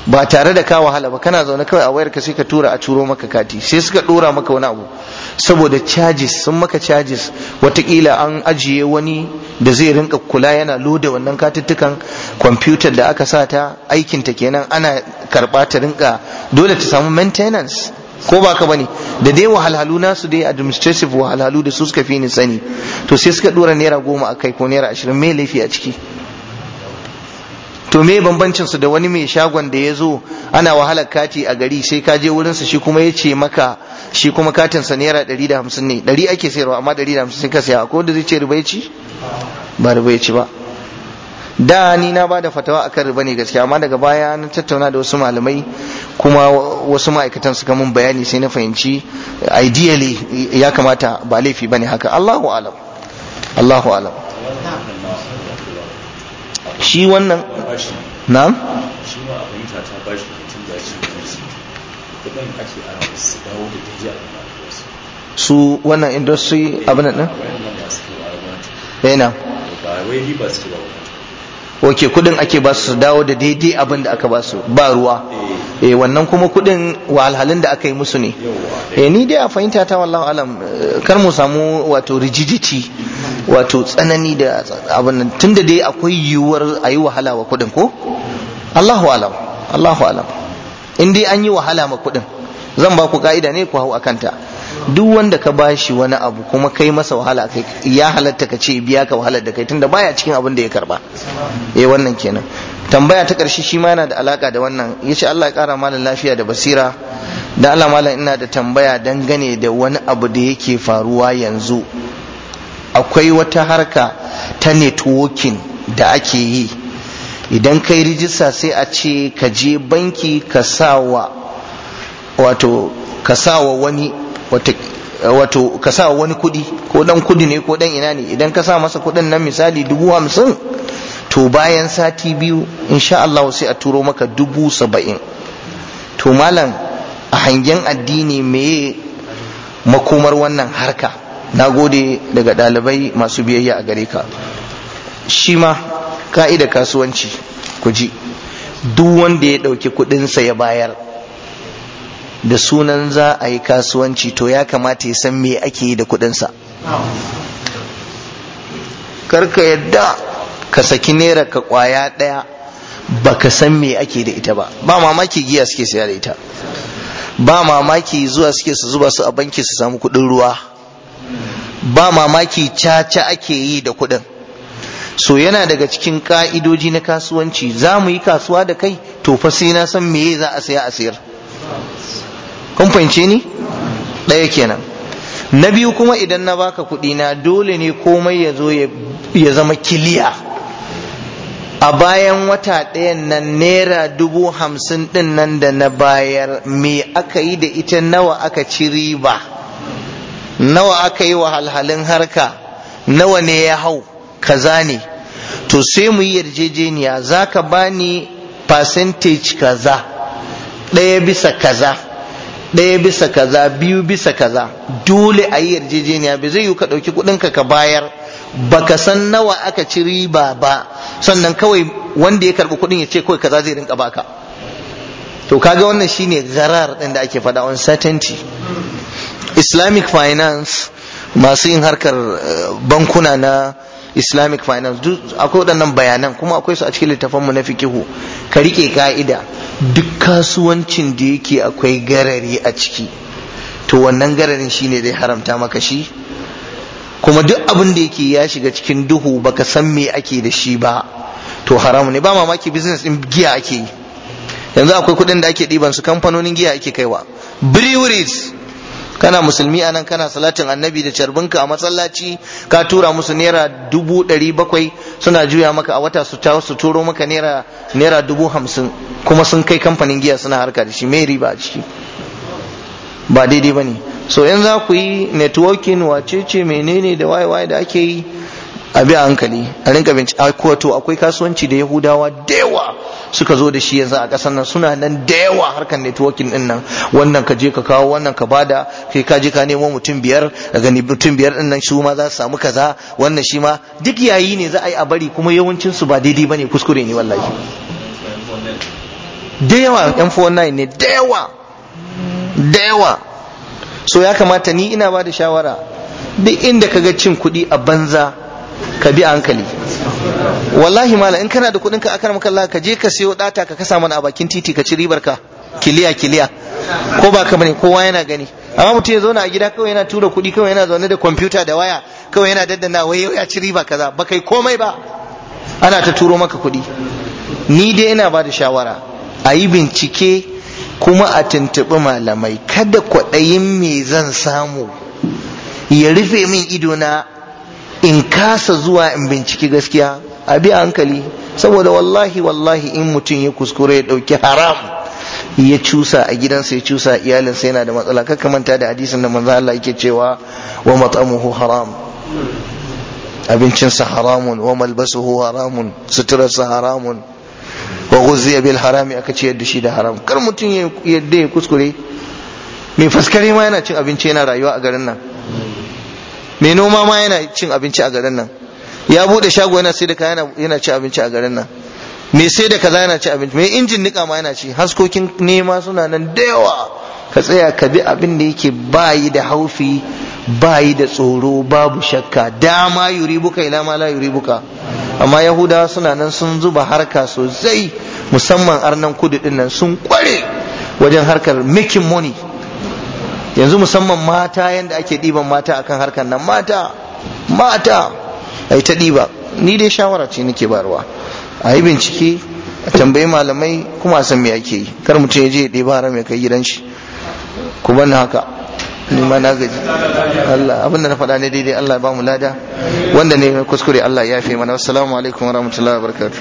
[SPEAKER 1] ba tare da ka wahala ba kana zaune kawai a wayar ka sai ka tura a turo maka kati sai suka dora maka wani abu saboda charges sun maka charges watakila an ajiye wani da zai rinka kula yana loda wannan katuttukan kwamfutar da aka sa ta aikin ta kenan ana karba ta rinka dole ta samu maintenance ko ba ka bane da dai wahalhalu nasu dai administrative wahalhalu da su suka fi ni sani to sai suka dora naira goma a kai ko naira ashirin mai laifi a ciki to me bambancin su da wani mai shagon da ya zo ana wahalar kati a gari sai ka je wurinsa shi kuma ya ce maka shi kuma katin sa naira ɗari da hamsin ne ɗari ake sayarwa amma ɗari da hamsin sai ka saya ko da zai ce riba ba riba ba da ni na ba da fatawa akan riba ne gaskiya amma daga baya na tattauna da wasu malamai kuma wasu ma'aikatan suka mun bayani sai na fahimci ideally ya kamata ba laifi bane haka Allahu alam Allahu alam shi wannan na shi shi su wannan industry abin nan eh, na ba wai riba suke ba oke kudin ake ba su dawo da daidai abin da aka ba su ba ruwa eh. eh wannan kuma kudin wahalhalun da aka yi musu ne eh ni dai a fahimta ta wallahu alam eh, kar mu samu wato rigidity wato tsanani da abin tunda dai akwai yiwuwar a yi wahala wa kudin ko Allahu alam Allahu alam in dai an yi wahala ma kudin zan ba ku ka'ida ne ku hau akanta duk wanda ka bashi wani abu kuma kai masa wahala kai ya halatta ka ce biya ka wahalar da kai tunda baya cikin abin da ya karba eh wannan kenan tambaya ta ƙarshe shi ma yana da alaka da wannan yace Allah ya ƙara malam lafiya da basira da Allah malam ina da tambaya dangane da wani abu da yake faruwa yanzu akwai wata harka ta networking da ake yi idan kai rijista sai a ce ka je banki ka sawa wato ka sawa wani wato ka sa wani kudi ko dan kudi ne ko dan ina ne idan ka sa masa kudin nan misali dubu hamsin to bayan sati biyu insha Allah sai a turo maka dubu saba'in to malam a hangen addini meye makomar wannan harka na gode daga ɗalibai masu biyayya a gare ka shi ma ka'ida kasuwanci ku ji duk wanda ya ɗauki kuɗinsa ya bayar da sunan za a yi kasuwanci to ya kamata ya san me ake yi da kuɗinsa karka yadda ka saki naira ka kwaya ɗaya baka san me ake da ita ba ba mamaki giya suke siya da ita ba mamaki zuwa suke su zuba su a banki su samu kuɗin ruwa ba mamaki caca ake yi da kuɗin so yana daga cikin ka'idoji na kasuwanci za mu yi kasuwa da kai to fa sai na san me za a saya a sayar kun fahimce ni ɗaya kenan na biyu kuma idan na baka kuɗi na dole ne komai ya zo ya zama kiliya a bayan wata ɗayan nan naira dubu hamsin ɗin nan da na bayar me aka yi da ita nawa aka ci riba nawa aka yi wahalhalin harka nawa ne ya hau kaza ne to sai mu yi yarjejeniya za ka bani percentage kaza ɗaya bisa kaza ɗaya bisa kaza biyu bisa kaza dole a yi yarjejeniya bai zai yi ka ɗauki kuɗinka ka bayar baka san nawa aka ci riba ba sannan kawai wanda ya karɓi kuɗin ya ce kawai kaza zai rinka baka to kaga wannan shine garar ɗin da ake faɗa uncertainty islamic finance masu yin harkar eh, bankuna na islamic finance akwai waɗannan bayanan kuma akwai su a cikin littafanmu na fikihu ka riƙe ka'ida duk kasuwancin da yake akwai garari a ciki to wannan gararin shine zai haramta maka shi kuma duk abin da yake ya shiga cikin duhu baka san me ake da shi ba to haram ne ba mamaki business din giya ake yi yanzu akwai kuɗin da ake diban su kamfanonin giya ake kaiwa breweries kana musulmi anan kana salatin annabi da carbinka a masallaci ka tura musu naira dubu ɗari bakwai suna juya maka a wata su turo maka naira naira dubu hamsin kuma sun kai kamfanin giya suna harka da shi mai riba ciki ba daidai ba ne so in za ku yi networking wacece menene da waye-waye da ake yi a hankali a rinka bincike akwai kasuwanci da yahudawa da yawa suka zo da shi yanzu a ƙasar nan suna nan da yawa harkar networking din nan wannan ka je ka kawo wannan ka bada kai ka je ka nemo mutum biyar daga mutum biyar din nan su ma za su samu kaza wannan shi ma duk yayi ne za a yi a bari kuma yawancin su ba daidai bane kuskure ne wallahi da yawa m419 ne da yawa da yawa so ya kamata ni ina ba da shawara duk inda kaga cin kuɗi a banza ka bi hankali wallahi mala in kana da kudin ka akar maka ka je ka siyo data ka kasa mana a bakin titi ka ci ribar ka kiliya kiliya ko ba ka bane kowa yana gani amma mutum ya zauna a gida kawai yana tura kuɗi kawai yana zaune da kwamfuta da waya kawai yana daddana waya ya ci riba kaza ba kai komai ba ana ta turo maka kuɗi ni dai ina ba da shawara a yi bincike kuma a tuntuɓi malamai kada kwaɗayin me zan samu ya rufe min idona in kasa zuwa in binciki gaskiya a bi hankali saboda wallahi wallahi in mutum ya kuskure ya dauki haram ya cusa a gidansa ya cusa iyalinsa yana da matsala kaka manta da hadisin da manzo Allah yake cewa wa mat'amuhu haram abincinsa haramun wa malbasuhu haramun suturarsa haramun wa ghuzziya bil harami aka ce yadda shi da haram kar mutum yadda ya kuskure mai faskare ma yana cin abinci yana rayuwa a garin nan mai noma ma yana cin abinci a garin nan ya bude shago yana sai da ka yana cin abinci a garin nan mai sai da kaza yana ci abinci mai injin nika ma yana ci haskokin nema suna nan da yawa ka tsaya ka bi abin da yake bayi da haufi bayi da tsoro babu shakka dama yuri buka ila ma la yuri buka amma yahudawa suna nan sun zuba harka sosai musamman arnan kudu din nan sun kware wajen harkar making money yanzu musamman mata yanda ake ɗiban mata akan harkar nan mata mata ai ta ɗiba ni dai shawara ce nake barwa a yi bincike a tambayi malamai kuma a san me ake yi kar mutum ya je ya ɗiba haram ya kai gidan shi ku bani haka ni ma na gaji Allah abinda na faɗa ne daidai Allah ya bamu lada wanda ne kuskure Allah ya fi mana wassalamu alaikum warahmatullahi wabarakatuh